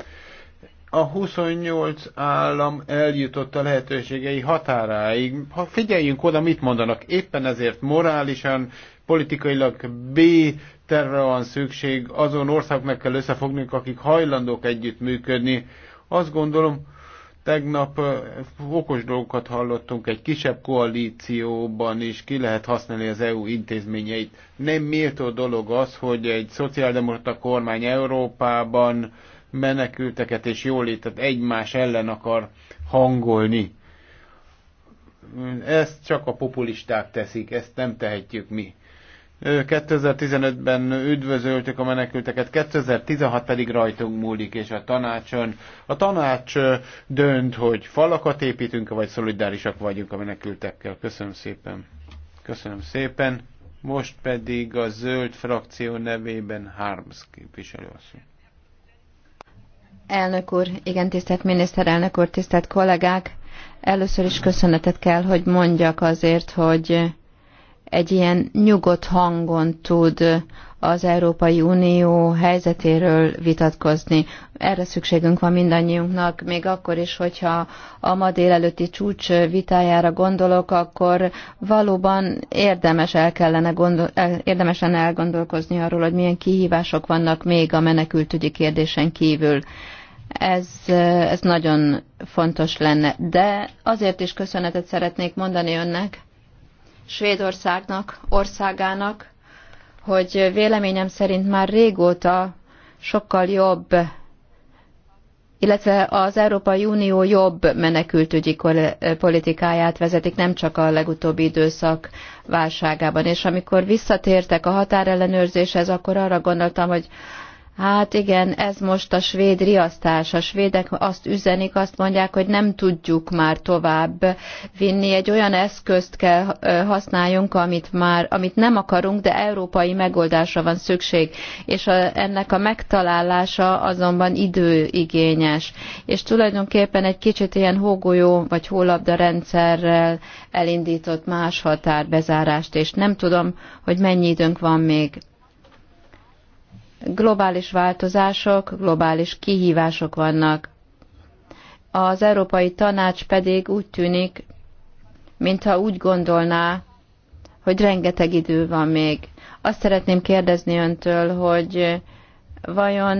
a 28 állam eljutott a lehetőségei határáig. Ha figyeljünk oda, mit mondanak. Éppen ezért morálisan, politikailag B tervre van szükség, azon országnak kell összefognunk, akik hajlandók együttműködni. Azt gondolom, tegnap okos dolgokat hallottunk, egy kisebb koalícióban is ki lehet használni az EU intézményeit. Nem méltó dolog az, hogy egy szociáldemokrata kormány Európában menekülteket és jólétet egymás ellen akar hangolni. Ezt csak a populisták teszik, ezt nem tehetjük mi. 2015-ben üdvözöltük a menekülteket, 2016 pedig rajtunk múlik, és a tanácson. A tanács dönt, hogy falakat építünk, vagy szolidárisak vagyunk a menekültekkel. Köszönöm szépen. Köszönöm szépen. Most pedig a zöld frakció nevében Harms képviselő asszony. Elnök úr, igen, tisztelt miniszterelnök úr, tisztelt kollégák! Először is köszönetet kell, hogy mondjak azért, hogy egy ilyen nyugodt hangon tud az Európai Unió helyzetéről vitatkozni. Erre szükségünk van mindannyiunknak, még akkor is, hogyha a ma délelőtti csúcs vitájára gondolok, akkor valóban érdemes, el kellene gondol, érdemesen elgondolkozni arról, hogy milyen kihívások vannak még a menekültügyi kérdésen kívül. Ez, ez nagyon fontos lenne. De azért is köszönetet szeretnék mondani önnek, Svédországnak, országának, hogy véleményem szerint már régóta sokkal jobb, illetve az Európai Unió jobb menekültügyi politikáját vezetik, nem csak a legutóbbi időszak válságában. És amikor visszatértek a határellenőrzéshez, akkor arra gondoltam, hogy Hát igen, ez most a svéd riasztás. A svédek azt üzenik, azt mondják, hogy nem tudjuk már tovább vinni. Egy olyan eszközt kell használjunk, amit már, amit nem akarunk, de európai megoldásra van szükség. És a, ennek a megtalálása azonban időigényes. És tulajdonképpen egy kicsit ilyen hógolyó vagy hólabda rendszerrel elindított más határbezárást, és nem tudom, hogy mennyi időnk van még globális változások, globális kihívások vannak. Az Európai Tanács pedig úgy tűnik, mintha úgy gondolná, hogy rengeteg idő van még. Azt szeretném kérdezni öntől, hogy vajon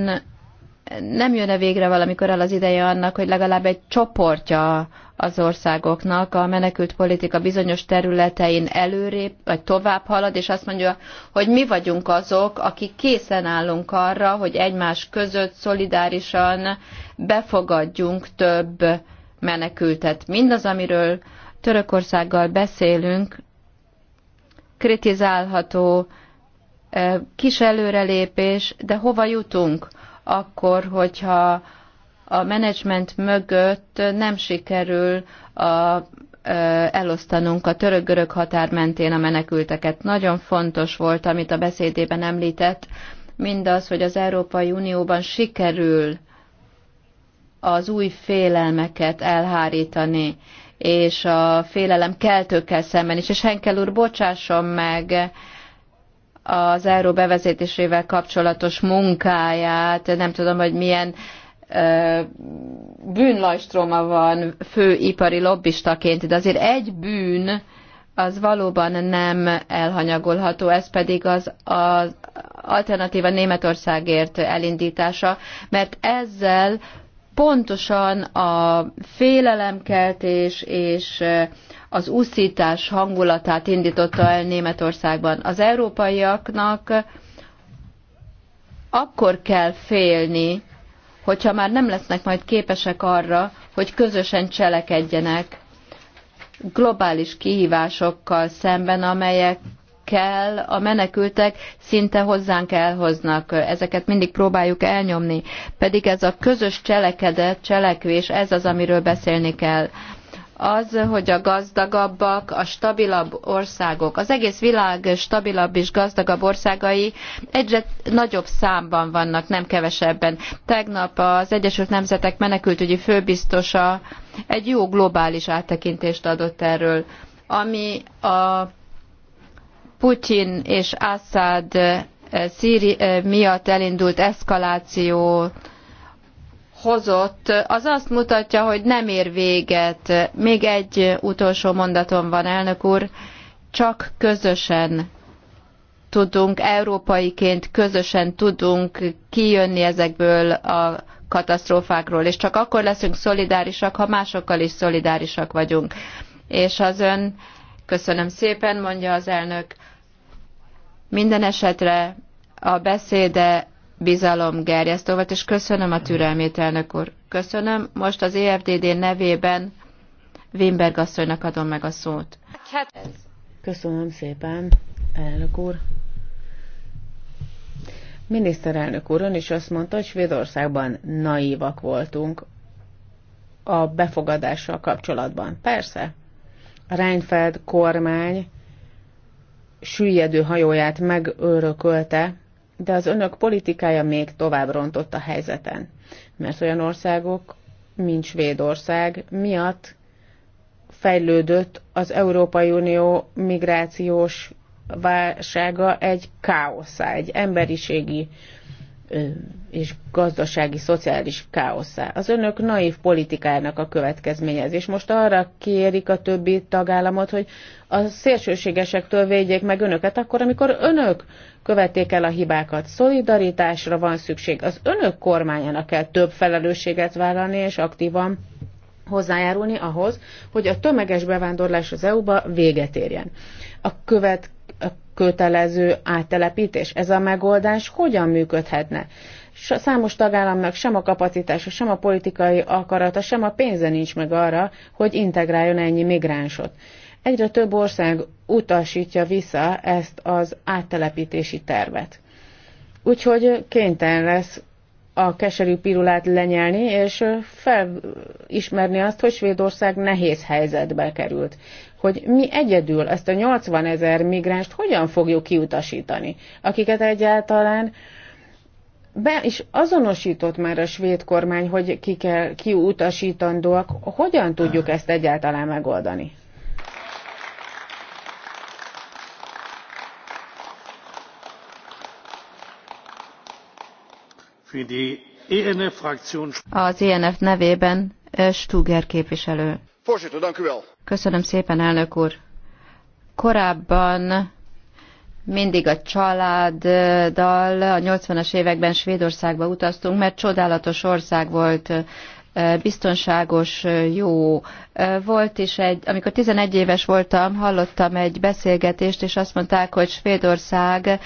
nem jön-e végre valamikor el az ideje annak, hogy legalább egy csoportja az országoknak a menekült politika bizonyos területein előrébb vagy tovább halad, és azt mondja, hogy mi vagyunk azok, akik készen állunk arra, hogy egymás között szolidárisan befogadjunk több menekültet. Mindaz, amiről Törökországgal beszélünk, kritizálható eh, kis előrelépés, de hova jutunk akkor, hogyha a menedzsment mögött nem sikerül a, elosztanunk a török-görög határ mentén a menekülteket. Nagyon fontos volt, amit a beszédében említett, mindaz, hogy az Európai Unióban sikerül az új félelmeket elhárítani, és a félelem keltőkkel szemben is. És Henkel úr, bocsásson meg, az euró bevezetésével kapcsolatos munkáját, nem tudom, hogy milyen bűnlajstroma van főipari lobbistaként, de azért egy bűn az valóban nem elhanyagolható, ez pedig az, az alternatíva Németországért elindítása, mert ezzel pontosan a félelemkeltés és az úszítás hangulatát indította el Németországban. Az európaiaknak akkor kell félni, hogyha már nem lesznek majd képesek arra, hogy közösen cselekedjenek globális kihívásokkal szemben, amelyek kell, a menekültek szinte hozzánk elhoznak. Ezeket mindig próbáljuk elnyomni. Pedig ez a közös cselekedet, cselekvés, ez az, amiről beszélni kell az, hogy a gazdagabbak, a stabilabb országok, az egész világ stabilabb és gazdagabb országai egyre nagyobb számban vannak, nem kevesebben. Tegnap az Egyesült Nemzetek menekültügyi főbiztosa egy jó globális áttekintést adott erről, ami a Putyin és Assad eh, Szíri eh, miatt elindult eszkalációt hozott, az azt mutatja, hogy nem ér véget. Még egy utolsó mondatom van, elnök úr. Csak közösen tudunk, európaiként közösen tudunk kijönni ezekből a katasztrófákról, és csak akkor leszünk szolidárisak, ha másokkal is szolidárisak vagyunk. És az ön, köszönöm szépen, mondja az elnök, minden esetre a beszéde Bizalom gerjesztő volt, és köszönöm a türelmét, elnök úr. Köszönöm. Most az EFDD nevében Wimberg asszonynak adom meg a szót. Köszönöm szépen, elnök úr. Miniszterelnök úr, ön is azt mondta, hogy Svédországban naívak voltunk a befogadással kapcsolatban. Persze. A Reinfeld kormány süllyedő hajóját megörökölte de az önök politikája még tovább rontott a helyzeten. Mert olyan országok, mint Svédország miatt fejlődött az Európai Unió migrációs válsága egy káoszá, egy emberiségi és gazdasági, szociális káoszá. Az önök naív politikájának a következménye ez. És most arra kérik a többi tagállamot, hogy a szélsőségesektől védjék meg önöket, akkor, amikor önök követték el a hibákat. Szolidaritásra van szükség. Az önök kormányának kell több felelősséget vállalni, és aktívan hozzájárulni ahhoz, hogy a tömeges bevándorlás az EU-ba véget érjen. A követ kötelező áttelepítés. Ez a megoldás hogyan működhetne? Számos tagállamnak sem a kapacitása, sem a politikai akarata, sem a pénze nincs meg arra, hogy integráljon ennyi migránsot. Egyre több ország utasítja vissza ezt az áttelepítési tervet. Úgyhogy kénytelen lesz a keserű pirulát lenyelni, és felismerni azt, hogy Svédország nehéz helyzetbe került hogy mi egyedül ezt a 80 ezer migránst hogyan fogjuk kiutasítani, akiket egyáltalán be is azonosított már a svéd kormány, hogy ki kell kiutasítandóak, hogyan tudjuk ezt egyáltalán megoldani? E Az ENF nevében eh, Stuger képviselő Köszönöm szépen, elnök úr. Korábban mindig a családdal a 80-as években Svédországba utaztunk, mert csodálatos ország volt, biztonságos, jó. Volt is egy, amikor 11 éves voltam, hallottam egy beszélgetést, és azt mondták, hogy Svédország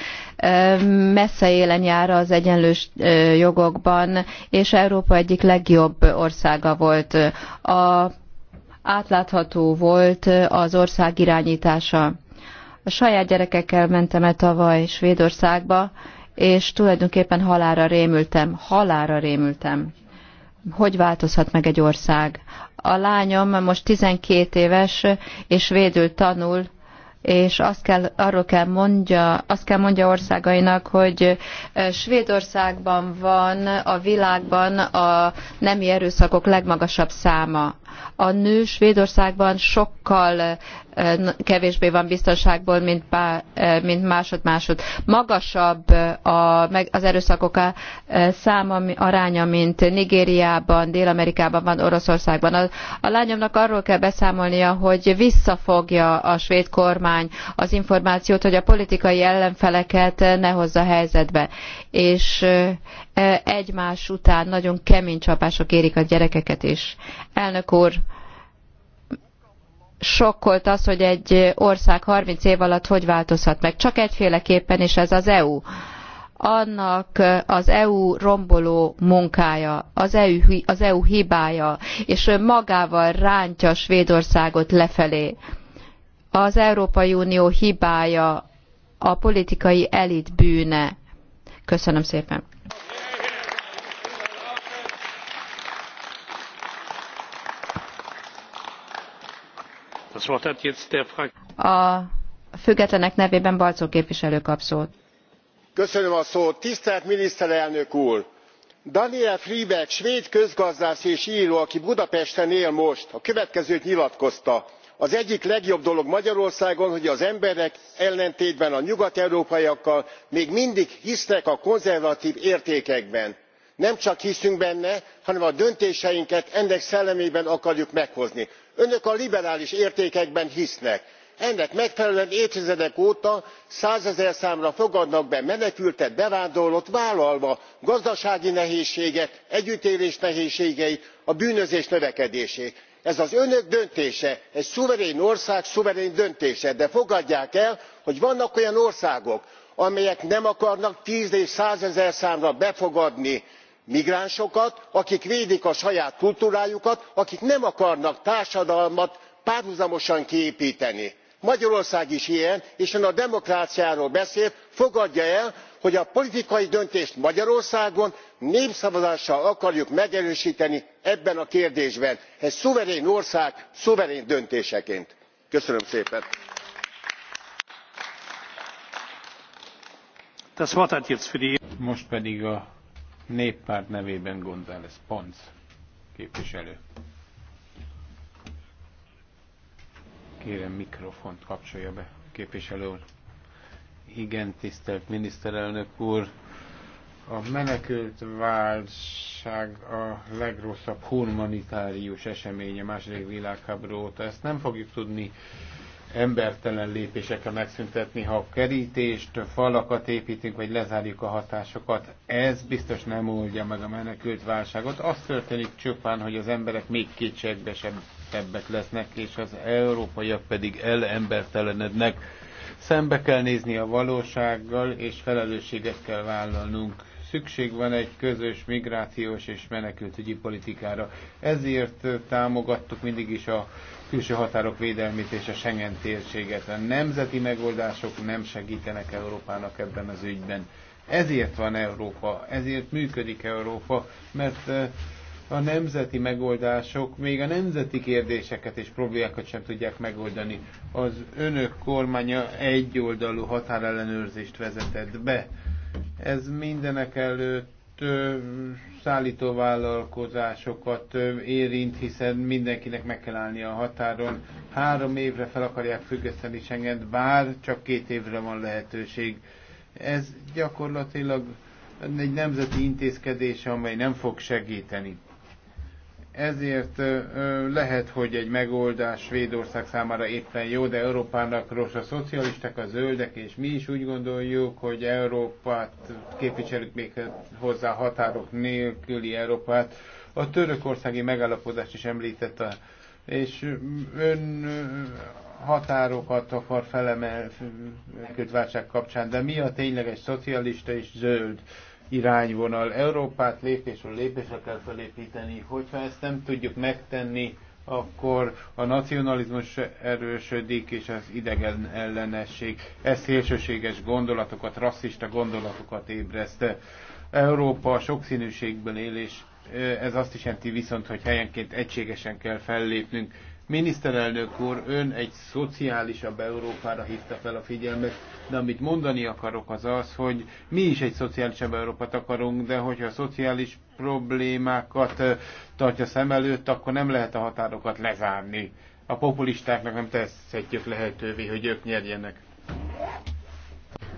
messze élen jár az egyenlős jogokban, és Európa egyik legjobb országa volt. A átlátható volt az ország irányítása. A saját gyerekekkel mentem el tavaly Svédországba, és tulajdonképpen halára rémültem. Halára rémültem. Hogy változhat meg egy ország? A lányom most 12 éves, és védül tanul, és azt kell, arról kell mondja, azt kell mondja országainak, hogy Svédországban van a világban a nemi erőszakok legmagasabb száma a nő Svédországban sokkal eh, kevésbé van biztonságból, mint, bá, eh, mint másod-másod. Magasabb eh, a, az erőszakok száma, aránya, mint Nigériában, Dél-Amerikában van, Oroszországban. A, a lányomnak arról kell beszámolnia, hogy visszafogja a svéd kormány az információt, hogy a politikai ellenfeleket ne hozza helyzetbe. És egymás után nagyon kemény csapások érik a gyerekeket is. Elnök úr, úr, sokkolt az, hogy egy ország 30 év alatt hogy változhat meg. Csak egyféleképpen, és ez az EU. Annak az EU romboló munkája, az EU, az EU hibája, és ő magával rántja Svédországot lefelé. Az Európai Unió hibája, a politikai elit bűne. Köszönöm szépen. A függetlenek nevében balczó képviselő kap szót. Köszönöm Tisztelt miniszterelnök úr! Daniel Friedbeck, svéd közgazdász és ró aki Budapesten él most, a következőt nyilatkozta az egyik legjobb dolog magyarországon hogy az emberek ellentétben a nyugat európaiakkal még mindig hisznek a konzervatv értékekben nem csak hiszünk benne hanem a döntéseinket ennek szellemében akarjuk meghozni. önök a liberális értékekben hisznek ennek megfelelően évtizedek óta százezerszámra fogadnak be menekültet bevándorlót vállalva gazdasági nehézségek együttélés nehézségeit a bűnözés növekedését. ez az önök döntése egy szuverén ország szuverén döntése de fogadják el hogy vannak olyan országok amelyek nem akarnak tz és százezerszámra befogadni migránsokat akik védik a saját kultúrájukat akik nem akarnak társadalmat párhuzamosan kiépteni. magyarország is ilyen és ön a demokráciáról beszélt fogadja el hogy a politikai döntést magyarországon népszavazással akarjuk megerősteni ebben a kérdésben egy szuverén ország szuverén döntéseként. köszönöm szépen! most pedig néppárt nevében González Ponc képviselő. Kérem mikrofont kapcsolja be, képviselő úr. Igen, tisztelt miniszterelnök úr, a menekült válság a legrosszabb humanitárius eseménye második világháború óta. Ezt nem fogjuk tudni embertelen lépésekkel megszüntetni, ha a kerítést, falakat építünk, vagy lezárjuk a hatásokat. Ez biztos nem oldja meg a menekült válságot. Azt történik csupán, hogy az emberek még kétségbesebbek lesznek, és az európaiak pedig elembertelenednek. Szembe kell nézni a valósággal, és felelősséget kell vállalnunk. Szükség van egy közös migrációs és menekültügyi politikára. Ezért támogattuk mindig is a külső határok védelmét és a Schengen térséget. A nemzeti megoldások nem segítenek Európának ebben az ügyben. Ezért van Európa, ezért működik Európa, mert eh, a nemzeti megoldások még a nemzeti kérdéseket és problémákat sem tudják megoldani. Az önök kormánya egyoldalú határellenőrzést vezetett be. Ez mindenek előtt szállítóvállalkozásokat érint, hiszen mindenkinek meg kell állni a határon. Három évre fel akarják függeszteni Schengent, bár csak két évre van lehetőség. Ez gyakorlatilag egy nemzeti intézkedés, amely nem fog segíteni. Ezért lehet, hogy egy megoldás Svédország számára éppen jó, de Európának rossz a szocialisták, a zöldek, és mi is úgy gondoljuk, hogy Európát képviselünk még hozzá határok nélküli Európát. A törökországi megállapodást is említette, és ön határokat akar felemelni a kapcsán, de mi a tényleges szocialista és zöld irányvonal. Európát lépésről lépésre kell felépíteni. Hogyha ezt nem tudjuk megtenni, akkor a nacionalizmus erősödik, és az idegen ellenesség. Ez szélsőséges gondolatokat, rasszista gondolatokat ébreszt. Európa sokszínűségből él, és ez azt is jelenti viszont, hogy helyenként egységesen kell fellépnünk. Miniszterelnök úr, ön egy szociálisabb Európára hívta fel a figyelmet, de amit mondani akarok az az, hogy mi is egy szociálisabb Európát akarunk, de hogyha a szociális problémákat tartja szem előtt, akkor nem lehet a határokat lezárni. A populistáknak nem teszhetjük lehetővé, hogy ők nyerjenek.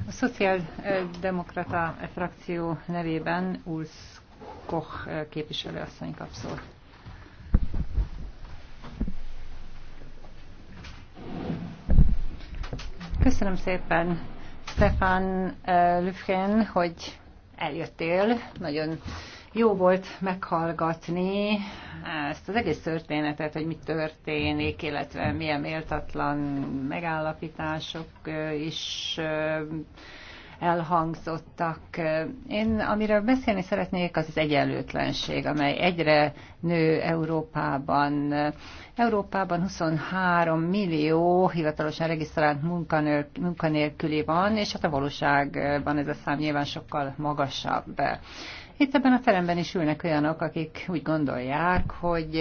A Szociáldemokrata frakció nevében Ulsz Koch képviselőasszony kap szót. Köszönöm szépen, Stefan eh, Lüfgen, hogy eljöttél. Nagyon jó volt meghallgatni eh, ezt az egész történetet, hogy mi történik, illetve milyen méltatlan megállapítások eh, is elhangzottak. Én amiről beszélni szeretnék, az az egyenlőtlenség, amely egyre nő Európában. Európában 23 millió hivatalosan regisztrált munkanélküli van, és hát a valóságban ez a szám nyilván sokkal magasabb. Itt ebben a teremben is ülnek olyanok, akik úgy gondolják, hogy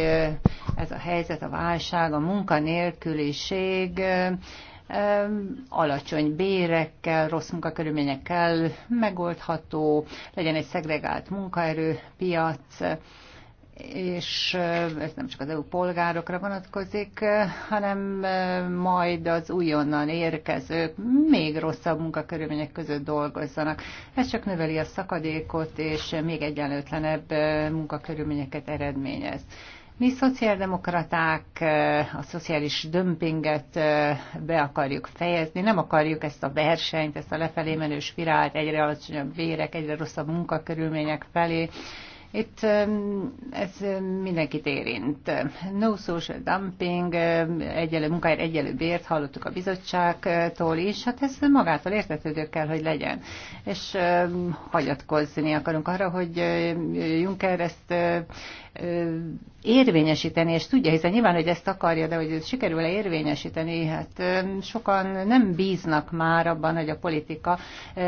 ez a helyzet, a válság, a munkanélküliség alacsony bérekkel, rossz munkakörülményekkel megoldható, legyen egy szegregált munkaerőpiac, és eh, ez nem csak az EU polgárokra vonatkozik, eh, hanem eh, majd az újonnan érkezők még rosszabb munkakörülmények között dolgozzanak. Ez csak növeli a szakadékot, és még egyenlőtlenebb munkakörülményeket eredményez. Mi szociáldemokraták eh, a szociális dömpinget eh, be akarjuk fejezni, nem akarjuk ezt a versenyt, ezt a lefelé menő spirált, egyre alacsonyabb vérek, egyre rosszabb munkakörülmények felé. Itt eh, ez mindenkit érint. No social dumping, egyelő munkáért egyelő bért hallottuk a bizottságtól is, hát ez magától értetődő kell, hogy legyen. És hagyatkozni akarunk arra, hogy Juncker ezt érvényesíteni, és tudja, hiszen nyilván, hogy ezt akarja, de hogy ez sikerül-e érvényesíteni, hát sokan nem bíznak már abban, hogy a politika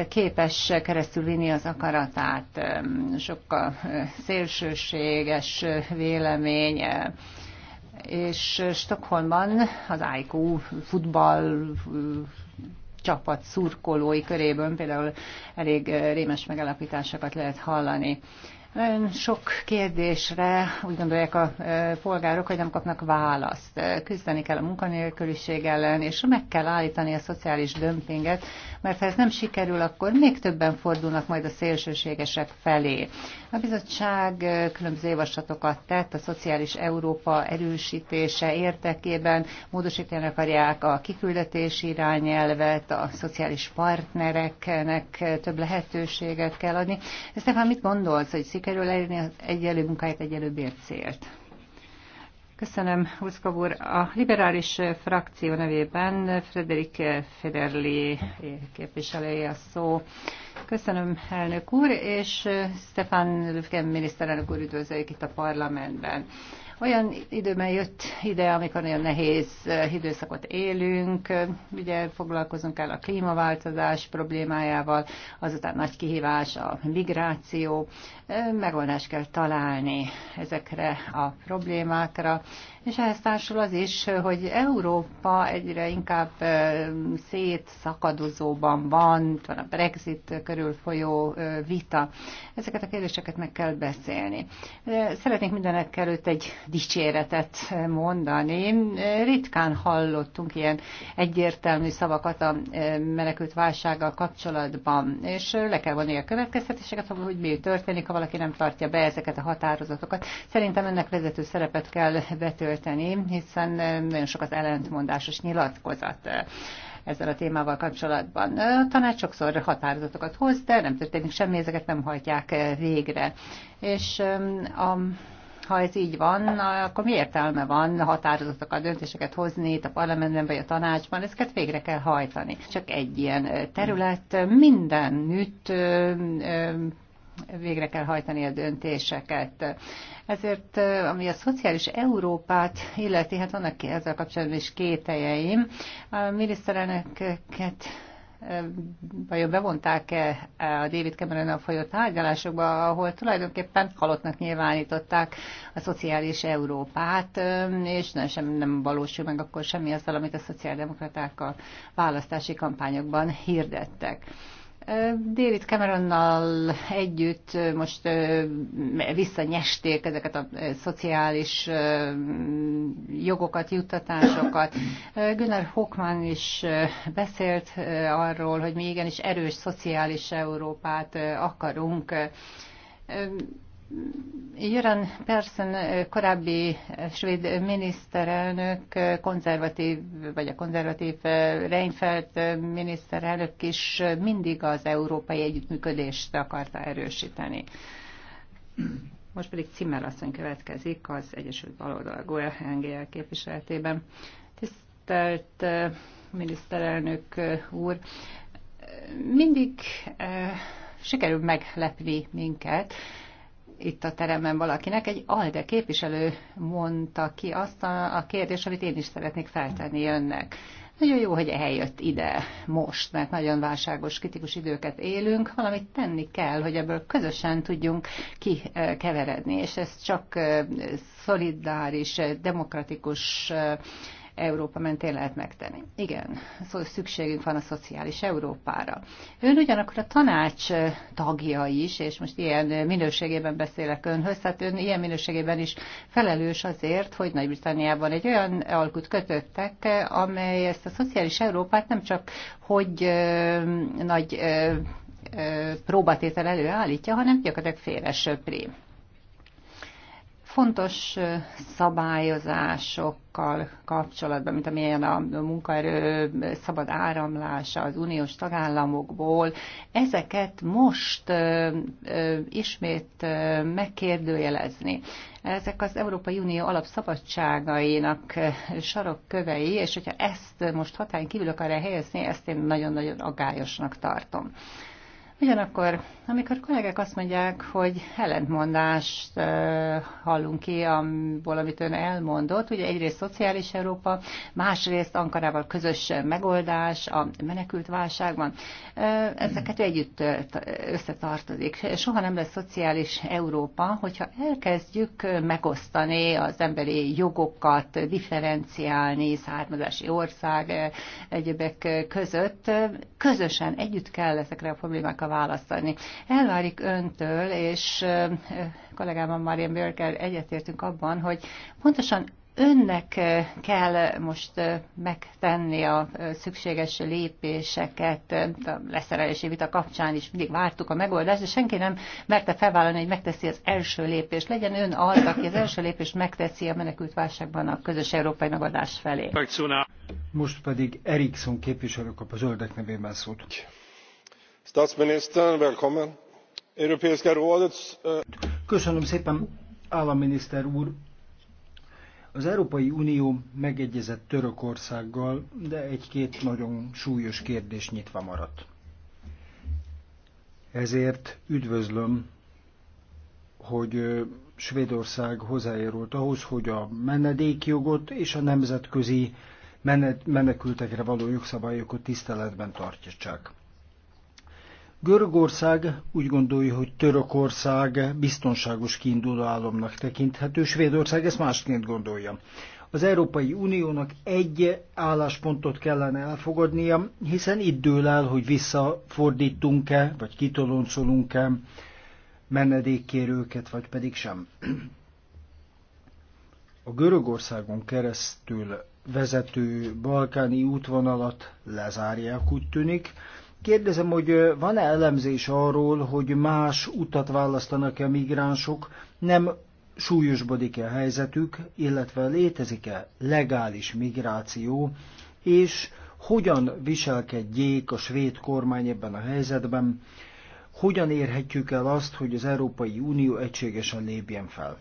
képes keresztül vinni az akaratát, sokkal szélsőséges véleménye és Stockholmban az IQ futball csapat szurkolói körében például elég rémes megalapításokat lehet hallani. Ön sok kérdésre úgy gondolják a polgárok, hogy nem kapnak választ. Küzdeni kell a munkanélküliség ellen, és meg kell állítani a szociális dömpinget, mert ha ez nem sikerül, akkor még többen fordulnak majd a szélsőségesek felé. A bizottság különböző javaslatokat tett a szociális Európa erősítése érdekében, módosítani akarják a kiküldetési irányelvet, a szociális partnereknek több lehetőséget kell adni. Stefan, mit gondolsz, hogy sikerül elérni az egyenlő munkáért, egyenlő bércélt. Köszönöm, Huszka úr. A liberális frakció nevében Frederik Federli képviselője a szó. Köszönöm, elnök úr, és Stefan Löfgen miniszterelnök úr üdvözöljük itt a parlamentben. Olyan időben jött ide, amikor nagyon nehéz időszakot élünk, ugye foglalkozunk el a klímaváltozás problémájával, azután nagy kihívás a migráció megoldást kell találni ezekre a problémákra, és ehhez társul az is, hogy Európa egyre inkább szétszakadozóban van, itt van a Brexit körül folyó vita. Ezeket a kérdéseket meg kell beszélni. Szeretnék mindenek előtt egy dicséretet mondani. Ritkán hallottunk ilyen egyértelmű szavakat a menekült válsággal kapcsolatban, és le kell vonni a következtetéseket, hogy mi történik, valaki nem tartja be ezeket a határozatokat. Szerintem ennek vezető szerepet kell betölteni, hiszen nagyon sok az ellentmondásos nyilatkozat ezzel a témával kapcsolatban. A tanács sokszor határozatokat hoz, de nem történik semmi, ezeket nem hajtják végre. És a ha ez így van, akkor mi értelme van határozatokat, döntéseket hozni itt a parlamentben vagy a tanácsban, ezeket végre kell hajtani. Csak egy ilyen terület mindenütt végre kell hajtani a döntéseket. Ezért, eh, ami a szociális Európát illeti, hát vannak ezzel kapcsolatban is kételjeim. A miniszterelnöket eh, vajon bevonták-e eh, a David cameron a folyó tárgyalásokba, ahol tulajdonképpen halottnak nyilvánították a szociális Európát, és nem, sem, nem valósul meg akkor semmi azzal, amit a szociáldemokraták a választási kampányokban hirdettek. David Cameronnal együtt most visszanyesték ezeket a szociális jogokat, juttatásokat. Gunnar Hockman is beszélt arról, hogy mi igenis erős szociális Európát akarunk Göran Persson korábbi svéd miniszterelnök, konzervatív, vagy a konzervatív Reinfeldt miniszterelnök is mindig az európai együttműködést akarta erősíteni. Most pedig Cimmer asszony következik az Egyesült Baloldal GOE képviseletében. Tisztelt miniszterelnök úr, mindig sikerül meglepni minket, itt a teremben valakinek, egy ALDE képviselő mondta ki azt a, a kérdést, amit én is szeretnék feltenni önnek. Nagyon jó, hogy eljött ide most, mert nagyon válságos, kritikus időket élünk, valamit tenni kell, hogy ebből közösen tudjunk kikeveredni, és ez csak szolidáris, demokratikus Európa mentén lehet megtenni. Igen, szóval szükségünk van a szociális Európára. Ön ugyanakkor a tanács tagja is, és most ilyen minőségében beszélek önhöz, tehát ön ilyen minőségében is felelős azért, hogy Nagy-Britanniában egy olyan alkut kötöttek, amely ezt a szociális Európát nem csak hogy nagy próbatétel előállítja, hanem gyakorlatilag félre söpri fontos szabályozásokkal kapcsolatban, mint amilyen a munkaerő szabad áramlása az uniós tagállamokból, ezeket most ismét megkérdőjelezni. Ezek az Európai Unió alapszabadságainak sarokkövei, és hogyha ezt most hatályon kívül akarja helyezni, ezt én nagyon-nagyon aggályosnak tartom. Ugyanakkor, amikor kollégák azt mondják, hogy ellentmondást hallunk ki, abból, amit ön elmondott, ugye egyrészt szociális Európa, másrészt Ankarával közös megoldás a menekült válságban, ezeket együtt összetartozik. Soha nem lesz szociális Európa, hogyha elkezdjük megosztani az emberi jogokat, differenciálni származási ország egyebek között, közösen együtt kell ezekre a problémákat a választ adni. Elvárik öntől, és kollégámmal Marian Börger egyetértünk abban, hogy pontosan önnek kell most megtenni a szükséges lépéseket a leszerelési vita kapcsán is mindig vártuk a megoldást, de senki nem merte felvállalni, hogy megteszi az első lépést. Legyen ön az, aki az első lépést megteszi a menekült válságban a közös európai megoldás felé. Most pedig Erikson képviselő kap a zöldek nevében szót. Eh, Köszönöm szépen, államminiszter úr! Az Európai Unió megegyezett Törökországgal, de egy-két nagyon súlyos kérdés nyitva maradt. Ezért üdvözlöm, hogy eh, Svédország hozzájárult ahhoz, hogy a menedékjogot és a nemzetközi menekültekre való jogszabályokat tiszteletben tartsák. Görögország úgy gondolja, hogy Törökország biztonságos kiinduló államnak tekinthető, Svédország ezt másként gondolja. Az Európai Uniónak egy álláspontot kellene elfogadnia, hiszen itt dől el, hogy visszafordítunk-e, vagy kitoloncolunk-e menedékkérőket, vagy pedig sem. A Görögországon keresztül vezető balkáni útvonalat lezárják, úgy tűnik, Kérdezem, hogy van-e elemzés arról, hogy más utat választanak-e migránsok, nem súlyosbodik-e a helyzetük, illetve létezik-e legális migráció, és hogyan viselkedjék a svéd kormány ebben a helyzetben, hogyan érhetjük el azt, hogy az Európai Unió egységesen lépjen fel.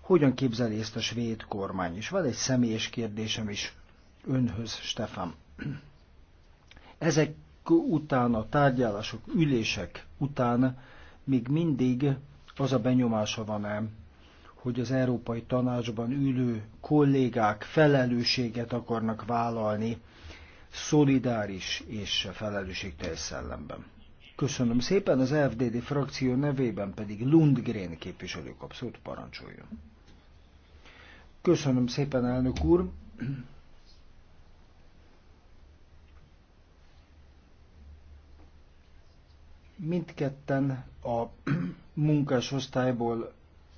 Hogyan képzeli ezt a svéd kormány? És van egy személyes kérdésem is önhöz, Stefan. Ezek után, a tárgyalások, ülések után még mindig az a benyomása van ám, hogy az Európai Tanácsban ülő kollégák felelősséget akarnak vállalni szolidáris és felelősségteljes szellemben. Köszönöm szépen, az FDD frakció nevében pedig Lundgren képviselő kap parancsoljon. Köszönöm szépen, elnök úr! Mindketten a osztályból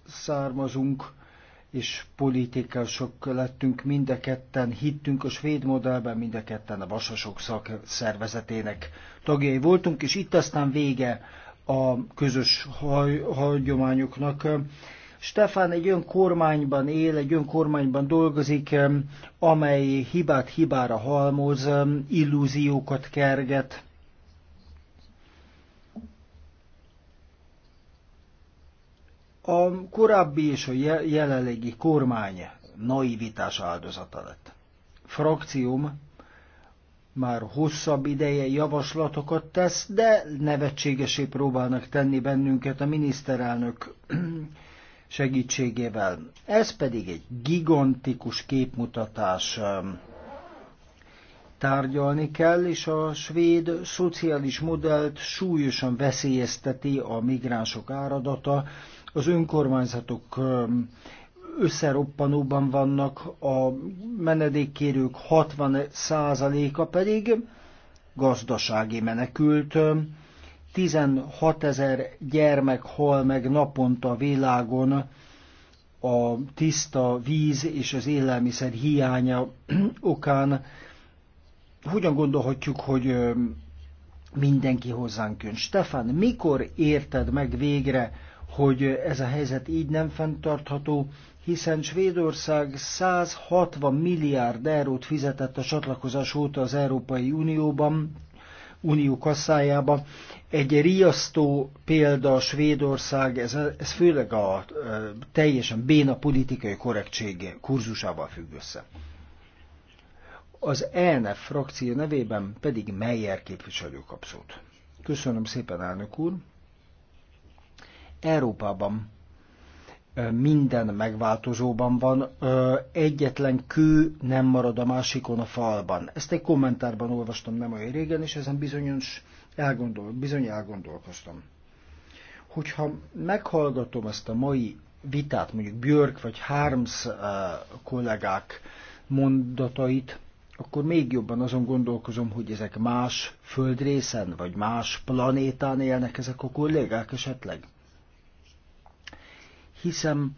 származunk, és politikások lettünk, mind a ketten hittünk a svéd modellben, mind a ketten a vasasok szakszervezetének tagjai voltunk, és itt aztán vége a közös haj, hagyományoknak. Stefán egy olyan kormányban él, egy olyan kormányban dolgozik, amely hibát hibára halmoz, illúziókat kerget, a korábbi és a jelenlegi kormány naivitás áldozata lett. Frakcióm már hosszabb ideje javaslatokat tesz, de nevetségesé próbálnak tenni bennünket a miniszterelnök segítségével. Ez pedig egy gigantikus képmutatás. Um, tárgyalni kell, és a svéd szociális modellt súlyosan veszélyezteti a migránsok áradata, az önkormányzatok összeroppanóban vannak, a menedékkérők 60%-a pedig gazdasági menekült. 16 ezer gyermek hal meg naponta a világon a tiszta víz és az élelmiszer hiánya okán. Hogyan gondolhatjuk, hogy mindenki hozzánk jön? Stefan, mikor érted meg végre, hogy ez a helyzet így nem fenntartható, hiszen Svédország 160 milliárd eurót fizetett a csatlakozás óta az Európai Unióban, Unió kasszájába. Egy riasztó példa a Svédország, ez, ez főleg a, a teljesen béna politikai korrektség kurzusával függ össze. Az ELNF frakció nevében pedig Meyer képviselő kapszót. Köszönöm szépen, elnök úr! Európában minden megváltozóban van, egyetlen kő nem marad a másikon a falban. Ezt egy kommentárban olvastam nem olyan régen, és ezen bizonyos elgondol, bizony elgondolkoztam. Hogyha meghallgatom ezt a mai vitát, mondjuk Björk vagy Harms kollégák mondatait, akkor még jobban azon gondolkozom, hogy ezek más földrészen, vagy más planétán élnek ezek a kollégák esetleg hiszem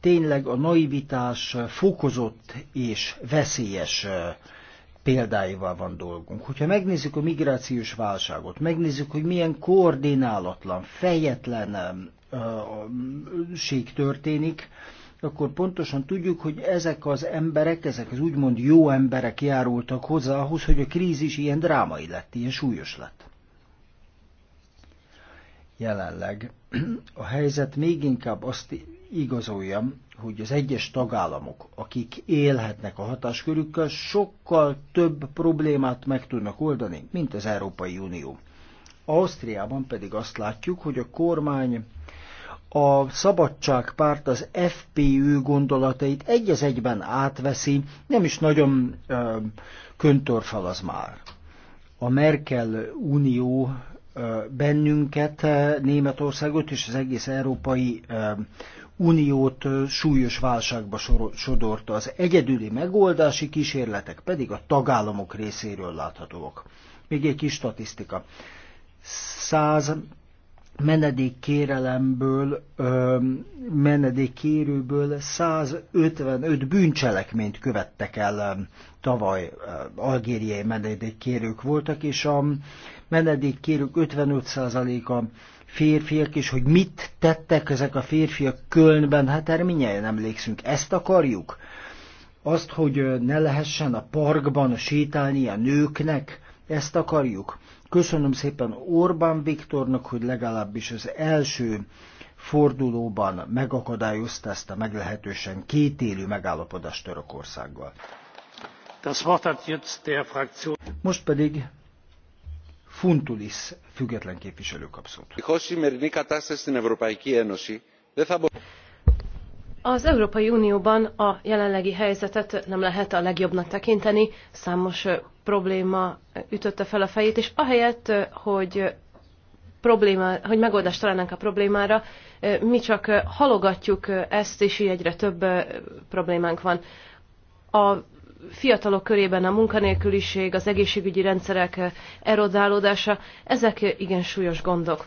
tényleg a naivitás fokozott és veszélyes eh, példáival van dolgunk. Hogyha megnézzük a migrációs válságot, megnézzük, hogy milyen koordinálatlan, fejetlen eh, ség történik, akkor pontosan tudjuk, hogy ezek az emberek, ezek az úgymond jó emberek járultak hozzá ahhoz, hogy a krízis ilyen drámai lett, ilyen súlyos lett. Jelenleg a helyzet még inkább azt igazolja, hogy az egyes tagállamok, akik élhetnek a hatáskörükkel, sokkal több problémát meg tudnak oldani, mint az Európai Unió. Ausztriában pedig azt látjuk, hogy a kormány a szabadságpárt az FPÖ gondolatait egy az egyben átveszi, nem is nagyon ö, köntörfel az már. A Merkel unió bennünket, Németországot és az egész Európai Uniót súlyos válságba sodorta. Az egyedüli megoldási kísérletek pedig a tagállamok részéről láthatóak. Még egy kis statisztika. 100 menedék menedékkérőből 155 bűncselekményt követtek el tavaly algériai menedékkérők voltak, és a menedékkérők 55%-a férfiak, és hogy mit tettek ezek a férfiak Kölnben, hát erre minnyáján emlékszünk. Ezt akarjuk? Azt, hogy ne lehessen a parkban sétálni a nőknek? Ezt akarjuk? Köszönöm szépen Orbán Viktornak, hogy legalábbis az első fordulóban megakadályozta ezt a meglehetősen kétélű megállapodást Törökországgal. Most pedig Funtulis független képviselő kap az Európai Unióban a jelenlegi helyzetet nem lehet a legjobbnak tekinteni, számos probléma ütötte fel a fejét, és ahelyett, hogy, probléma, hogy megoldást találnánk a problémára, mi csak halogatjuk ezt, és így egyre több problémánk van. A fiatalok körében a munkanélküliség, az egészségügyi rendszerek erodálódása, ezek igen súlyos gondok.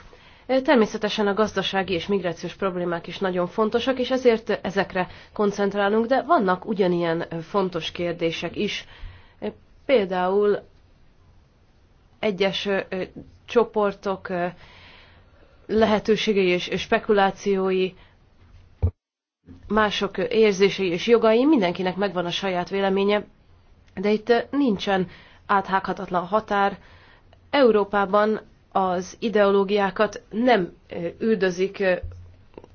Természetesen a gazdasági és migrációs problémák is nagyon fontosak, és ezért ezekre koncentrálunk, de vannak ugyanilyen fontos kérdések is. Például egyes csoportok lehetőségei és spekulációi, mások érzései és jogai, mindenkinek megvan a saját véleménye, de itt nincsen áthághatatlan határ. Európában az ideológiákat nem üldözik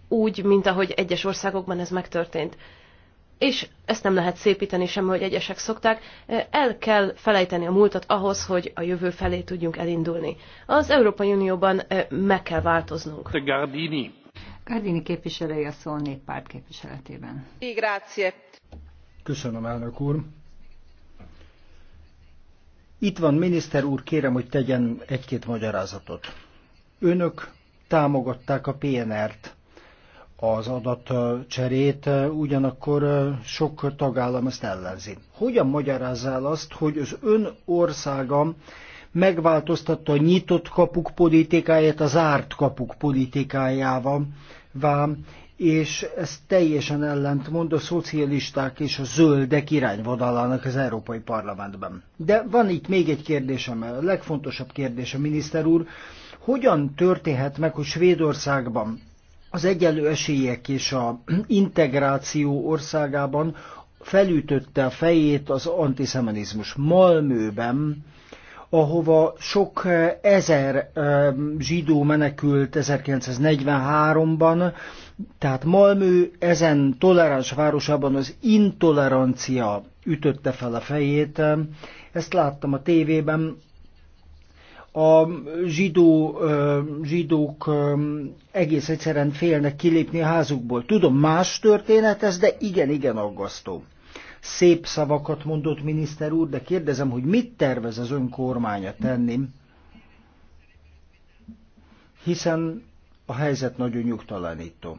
úgy, mint ahogy egyes országokban ez megtörtént. És ezt nem lehet szépíteni sem, hogy egyesek szokták. El kell felejteni a múltat ahhoz, hogy a jövő felé tudjunk elindulni. Az Európai Unióban meg kell változnunk. Gardini. Gardini képviselői a szó néppárt képviseletében. Grazie. Köszönöm, elnök úr. Itt van miniszter úr, kérem, hogy tegyen egy-két magyarázatot. Önök támogatták a PNR-t, az adatcserét, ugyanakkor sok tagállam ezt ellenzi. Hogyan magyarázzál azt, hogy az ön országam? megváltoztatta a nyitott kapuk politikáját a zárt kapuk politikájával, és ez teljesen ellentmond a szocialisták és a zöldek irányvonalának az Európai Parlamentben. De van itt még egy kérdésem, a legfontosabb kérdés a miniszter úr, hogyan történhet meg, hogy Svédországban az egyenlő esélyek és a integráció országában felütötte a fejét az antiszemenizmus. Malmőben ahova sok eh, ezer eh, zsidó menekült 1943-ban, tehát Malmö ezen toleráns városában az intolerancia ütötte fel a fejét. Ezt láttam a tévében, a zsidó, eh, zsidók egész egyszerűen félnek kilépni a házukból. Tudom, más történet ez, de igen-igen aggasztó. Szép szavakat mondott miniszter úr, de kérdezem, hogy mit tervez az önkormánya tenni, hiszen a helyzet nagyon nyugtalanító.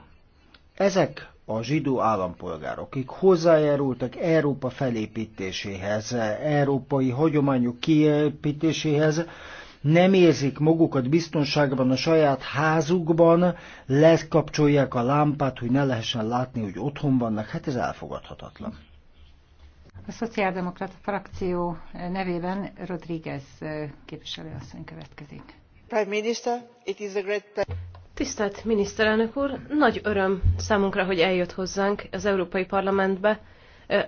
Ezek a zsidó állampolgárok, akik hozzájárultak Európa felépítéséhez, európai hagyományok kiépítéséhez, nem érzik magukat biztonságban a saját házukban, lekapcsolják a lámpát, hogy ne lehessen látni, hogy otthon vannak, hát ez elfogadhatatlan. A Szociáldemokrata frakció nevében Rodríguez képviselőasszony következik. Prime Minister, it is a great Tisztelt miniszterelnök úr, nagy öröm számunkra, hogy eljött hozzánk az Európai Parlamentbe.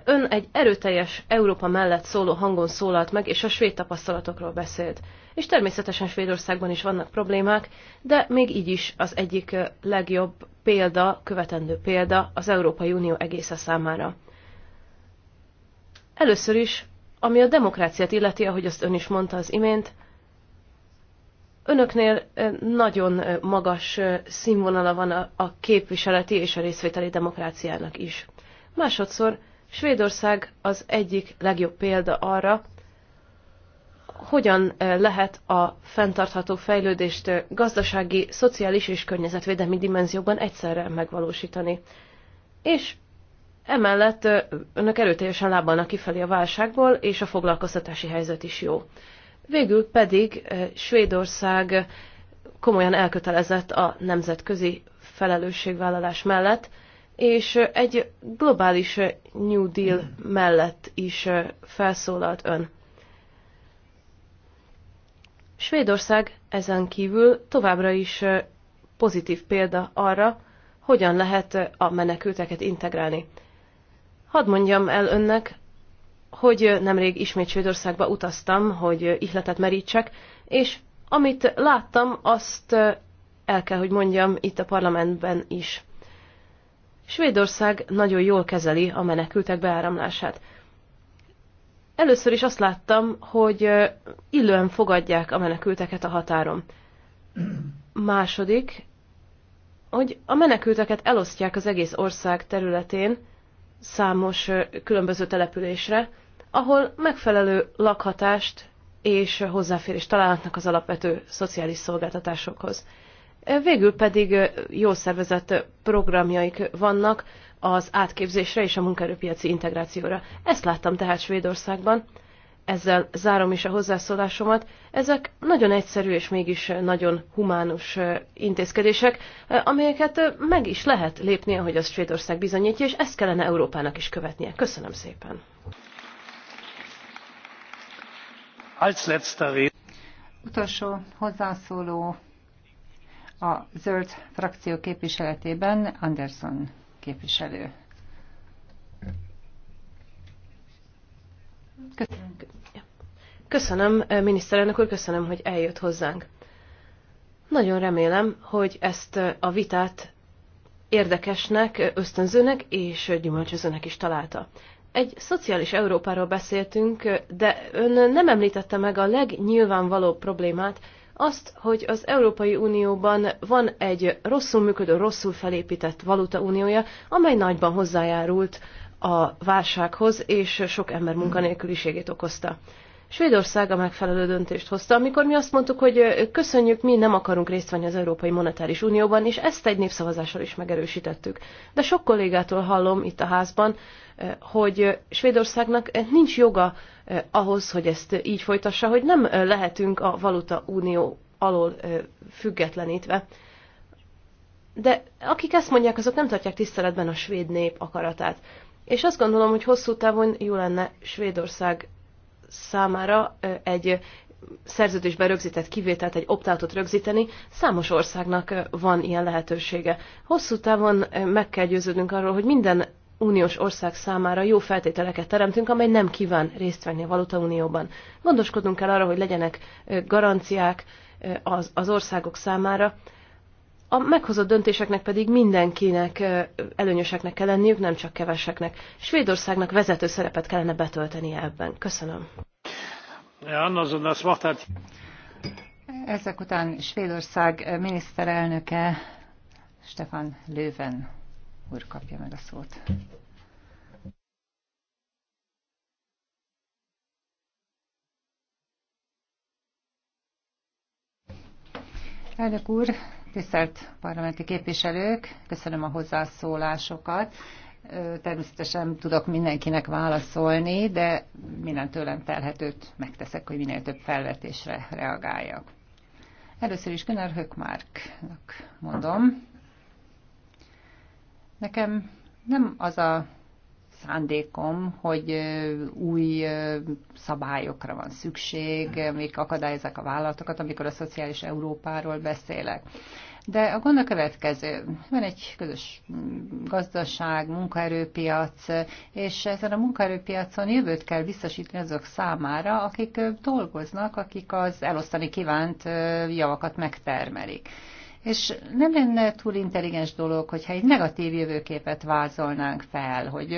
Ön egy erőteljes Európa mellett szóló hangon szólalt meg, és a svéd tapasztalatokról beszélt. És természetesen Svédországban is vannak problémák, de még így is az egyik legjobb példa, követendő példa az Európai Unió egésze számára. Először is, ami a demokráciát illeti, ahogy azt ön is mondta az imént, önöknél nagyon magas színvonala van a képviseleti és a részvételi demokráciának is. Másodszor, Svédország az egyik legjobb példa arra, hogyan lehet a fenntartható fejlődést gazdasági, szociális és környezetvédelmi dimenzióban egyszerre megvalósítani. És Emellett önök erőteljesen lábalnak kifelé a válságból, és a foglalkoztatási helyzet is jó. Végül pedig Svédország komolyan elkötelezett a nemzetközi felelősségvállalás mellett, és egy globális New Deal mellett is felszólalt ön. Svédország ezen kívül továbbra is pozitív példa arra, hogyan lehet a menekülteket integrálni. Hadd mondjam el önnek, hogy nemrég ismét Svédországba utaztam, hogy ihletet merítsek, és amit láttam, azt el kell, hogy mondjam itt a parlamentben is. Svédország nagyon jól kezeli a menekültek beáramlását. Először is azt láttam, hogy illően fogadják a menekülteket a határon. Második, hogy a menekülteket elosztják az egész ország területén, számos különböző településre, ahol megfelelő lakhatást és hozzáférést találhatnak az alapvető szociális szolgáltatásokhoz. Végül pedig jó szervezett programjaik vannak az átképzésre és a munkaerőpiaci integrációra. Ezt láttam tehát Svédországban, ezzel zárom is a hozzászólásomat, ezek nagyon egyszerű és mégis nagyon humánus intézkedések, amelyeket meg is lehet lépnie, hogy az Svédország bizonyítja, és ezt kellene Európának is követnie. Köszönöm szépen. Utolsó hozzászóló a zöld frakció képviseletében Anderson képviselő. Köszönöm. Eh, miniszterelnök úr, köszönöm, hogy eljött hozzánk. Nagyon remélem, hogy ezt eh, a vitát érdekesnek, eh, ösztönzőnek és gyümölcsözőnek is találta. Egy szociális Európáról beszéltünk, de ön nem említette meg a legnyilvánvalóbb problémát, azt, hogy az Európai Unióban van egy rosszul működő, rosszul felépített valutauniója, amely nagyban hozzájárult a válsághoz, és sok ember munkanélküliségét okozta. Svédország a megfelelő döntést hozta, amikor mi azt mondtuk, hogy köszönjük, mi nem akarunk részt venni az Európai Monetáris Unióban, és ezt egy népszavazással is megerősítettük. De sok kollégától hallom itt a házban, hogy Svédországnak nincs joga ahhoz, hogy ezt így folytassa, hogy nem lehetünk a Valuta Unió alól függetlenítve. De akik ezt mondják, azok nem tartják tiszteletben a svéd nép akaratát és azt gondolom, hogy hosszú távon jó lenne Svédország számára egy szerződésben rögzített kivételt, egy optátot rögzíteni, számos országnak van ilyen lehetősége. Hosszú távon meg kell győződnünk arról, hogy minden uniós ország számára jó feltételeket teremtünk, amely nem kíván részt venni a valutaunióban. Gondoskodnunk kell arra, hogy legyenek garanciák az, az országok számára, a meghozott döntéseknek pedig mindenkinek előnyöseknek kell lenniük, nem csak keveseknek. Svédországnak vezető szerepet kellene betölteni ebben. Köszönöm. Ezek után Svédország miniszterelnöke Stefan Löwen úr kapja meg a szót. Elnök úr, Tisztelt parlamenti képviselők, köszönöm a hozzászólásokat. Természetesen tudok mindenkinek válaszolni, de minden tőlem telhetőt megteszek, hogy minél több felvetésre reagáljak. Először is Gunnar Höckmarknak mondom. Nekem nem az a szándékom, hogy új szabályokra van szükség, amik akadályozzák a vállalatokat, amikor a szociális Európáról beszélek. De a gond a következő. Van egy közös gazdaság, munkaerőpiac, és ezen a munkaerőpiacon jövőt kell biztosítani azok számára, akik dolgoznak, akik az elosztani kívánt javakat megtermelik. És nem lenne túl intelligens dolog, hogyha egy negatív jövőképet vázolnánk fel, hogy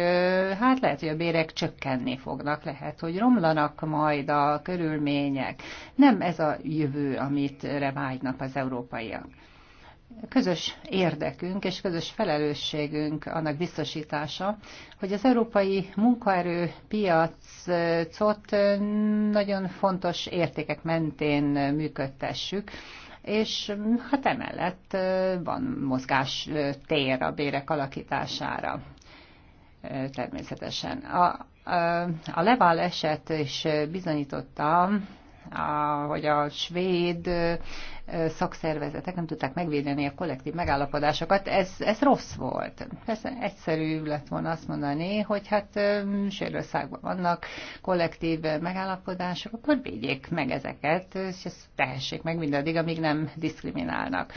hát lehet, hogy a bérek csökkenni fognak, lehet, hogy romlanak majd a körülmények. Nem ez a jövő, amit vágynak az európaiak közös érdekünk és közös felelősségünk annak biztosítása, hogy az európai munkaerőpiacot nagyon fontos értékek mentén működtessük, és hát emellett van mozgás tér a bérek alakítására természetesen. A, a Leval eset is bizonyította, hogy a svéd szakszervezetek nem tudták megvédeni a kollektív megállapodásokat. Ez, ez rossz volt. Persze egyszerű lett volna azt mondani, hogy hát Sérországban vannak kollektív megállapodások, akkor védjék meg ezeket, és ezt tehessék meg mindaddig, amíg nem diszkriminálnak.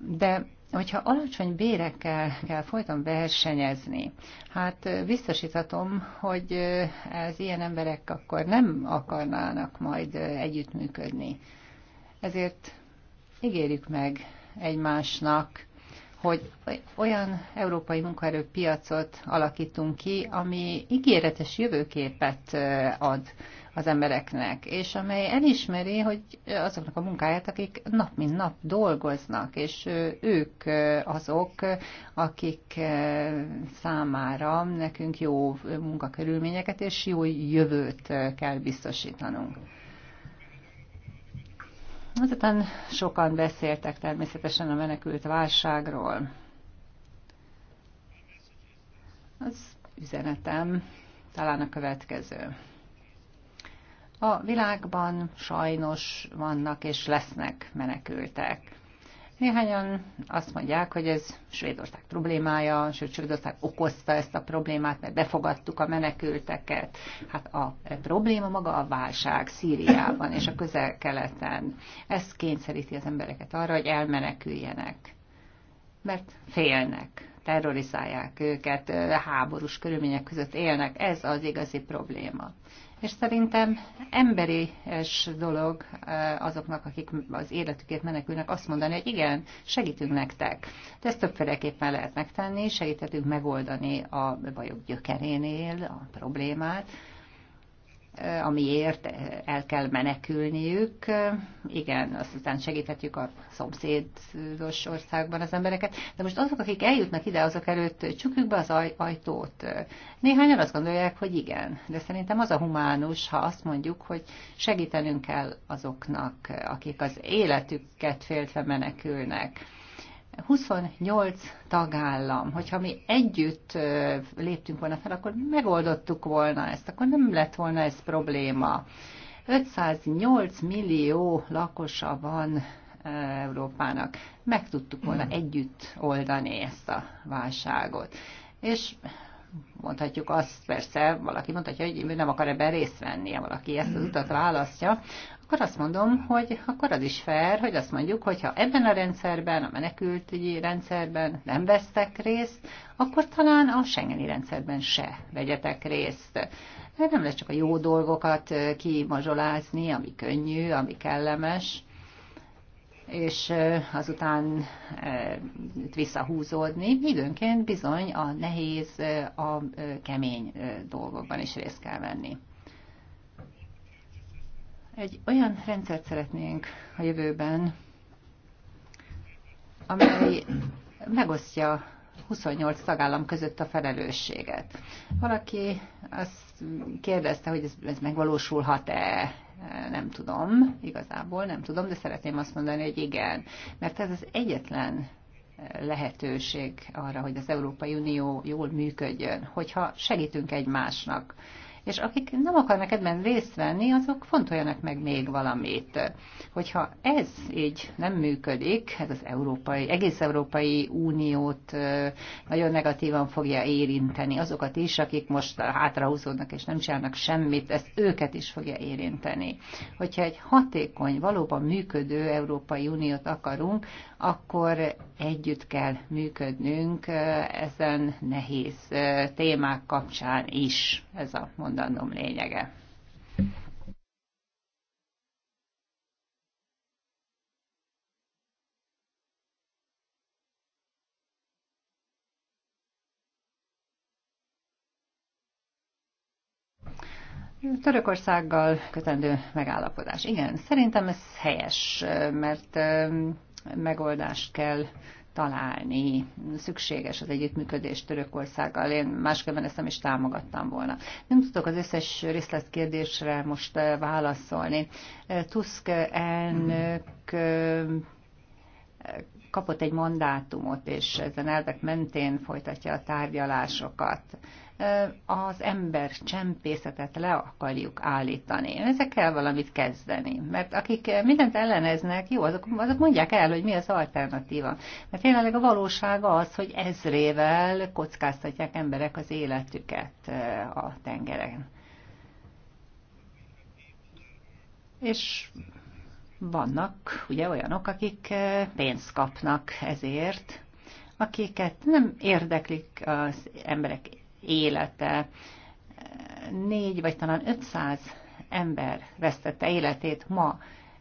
De hogyha alacsony bérekkel kell folyton versenyezni, hát biztosíthatom, hogy az ilyen emberek akkor nem akarnának majd együttműködni ezért ígérjük meg egymásnak, hogy olyan európai munkaerőpiacot alakítunk ki, ami ígéretes jövőképet ad az embereknek, és amely elismeri, hogy azoknak a munkáját, akik nap mint nap dolgoznak, és ők azok, akik számára nekünk jó munkakörülményeket és jó jövőt kell biztosítanunk. Azután sokan beszéltek természetesen a menekült válságról. Az üzenetem talán a következő. A világban sajnos vannak és lesznek menekültek. Néhányan azt mondják, hogy ez Svédország problémája, sőt Svédország okozta ezt a problémát, mert befogadtuk a menekülteket. Hát a probléma maga a válság Szíriában és a közel-keleten. Ez kényszeríti az embereket arra, hogy elmeneküljenek, mert félnek terrorizálják őket, háborús körülmények között élnek. Ez az igazi probléma. És szerintem emberi dolog eh, azoknak, akik az életükért menekülnek, azt mondani, hogy igen, segítünk nektek. De ezt többféleképpen lehet megtenni, segíthetünk megoldani a bajok gyökerénél a problémát, amiért eh, el kell menekülniük. Igen, aztán segíthetjük a szomszédos országban az embereket. De most azok, akik eljutnak ide, azok előtt csukjuk be az aj- ajtót. Néhányan azt gondolják, hogy igen, de szerintem az a humánus, ha azt mondjuk, hogy segítenünk kell azoknak, akik az életüket féltve menekülnek 28 tagállam, hogyha mi együtt léptünk volna fel, akkor megoldottuk volna ezt, akkor nem lett volna ez probléma. 508 millió lakosa van Európának. Meg tudtuk volna hmm. együtt oldani ezt a válságot. És mondhatjuk azt, persze valaki mondhatja, hogy nem akar ebben részt vennie, valaki ezt az utat választja, akkor azt mondom, hogy akkor az is fair, hogy azt mondjuk, hogy ha ebben a rendszerben, a menekültügyi rendszerben nem vesztek részt, akkor talán a Schengeni rendszerben se vegyetek részt. Nem lesz csak a jó dolgokat kimazsolázni, ami könnyű, ami kellemes, és azután visszahúzódni. Időnként bizony a nehéz, a kemény dolgokban is részt kell venni. Egy olyan rendszert szeretnénk a jövőben, amely megosztja 28 tagállam között a felelősséget. Valaki azt kérdezte, hogy ez, ez megvalósulhat-e, nem tudom, igazából nem tudom, de szeretném azt mondani, hogy igen, mert ez az egyetlen lehetőség arra, hogy az Európai Unió jól működjön, hogyha segítünk egymásnak, és akik nem akarnak ebben részt venni, azok fontoljanak meg még valamit. Hogyha ez így nem működik, ez az európai, egész Európai Uniót nagyon negatívan fogja érinteni. Azokat is, akik most hátrahúzódnak és nem csinálnak semmit, ezt őket is fogja érinteni. Hogyha egy hatékony, valóban működő Európai Uniót akarunk, akkor együtt kell működnünk ezen nehéz témák kapcsán is. Ez a mondandóm lényege. Törökországgal kötendő megállapodás. Igen, szerintem ez helyes, mert megoldást kell találni. Szükséges az együttműködés Törökországgal. Én másképpen ezt nem is támogattam volna. Nem tudok az összes részletkérdésre most eh, válaszolni. Eh, Tusk elnök eh, kapott egy mandátumot, és ezen elvek mentén folytatja a tárgyalásokat. Az ember csempészetet le akarjuk állítani. Ezekkel valamit kezdeni. Mert akik mindent elleneznek, jó, azok, azok mondják el, hogy mi az alternatíva. Mert tényleg a valóság az, hogy ezrével kockáztatják emberek az életüket a tengeren. És vannak ugye olyanok, akik eh, pénzt kapnak ezért, akiket nem érdeklik az emberek élete. Négy vagy talán 500 ember vesztette életét ma,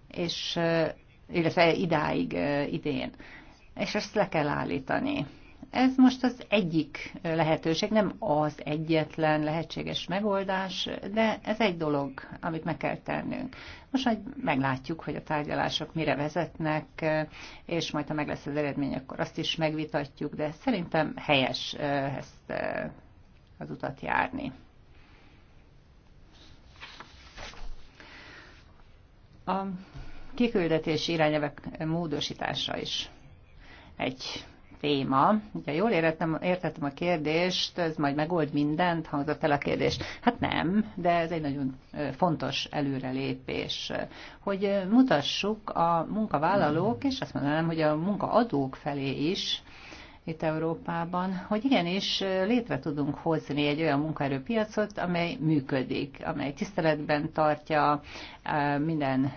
és, eh, illetve idáig eh, idén. És ezt le kell állítani. Ez most az egyik lehetőség, nem az egyetlen lehetséges megoldás, de ez egy dolog, amit meg kell tennünk. Most majd meglátjuk, hogy a tárgyalások mire vezetnek, és majd ha meg lesz az eredmény, akkor azt is megvitatjuk, de szerintem helyes eh, ezt eh, az utat járni. A kiküldetési irányelvek módosítása is egy téma. Ha jól értettem, értettem a kérdést, ez majd megold mindent, hangzott el a kérdés. Hát nem, de ez egy nagyon fontos előrelépés, hogy mutassuk a munkavállalók, és azt mondanám, hogy a munkaadók felé is, itt Európában, hogy igenis létre tudunk hozni egy olyan munkaerőpiacot, amely működik, amely tiszteletben tartja minden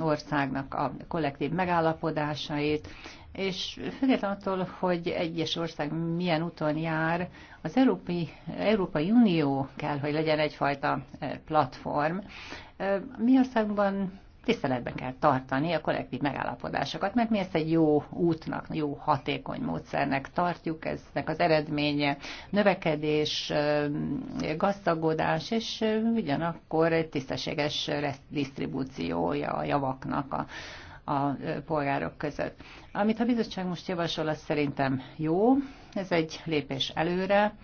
országnak a kollektív megállapodásait, és függetlenül attól, hogy egyes ország milyen úton jár, az Európai, Európai Unió kell, hogy legyen egyfajta platform. Mi országban tiszteletben kell tartani a kollektív megállapodásokat, mert mi ezt egy jó útnak, jó hatékony módszernek tartjuk, eznek az eredménye növekedés, gazdagodás, és ugyanakkor egy tisztességes disztribúciója a javaknak a a polgárok között. Amit a bizottság most javasol, az szerintem jó, ez egy lépés előre,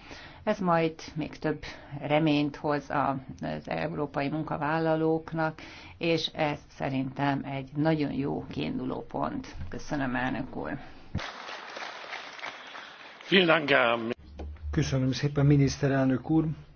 ez majd még több reményt hoz az európai munkavállalóknak, és ez szerintem egy nagyon jó kiinduló pont. Köszönöm, elnök úr! Köszönöm szépen, miniszterelnök úr!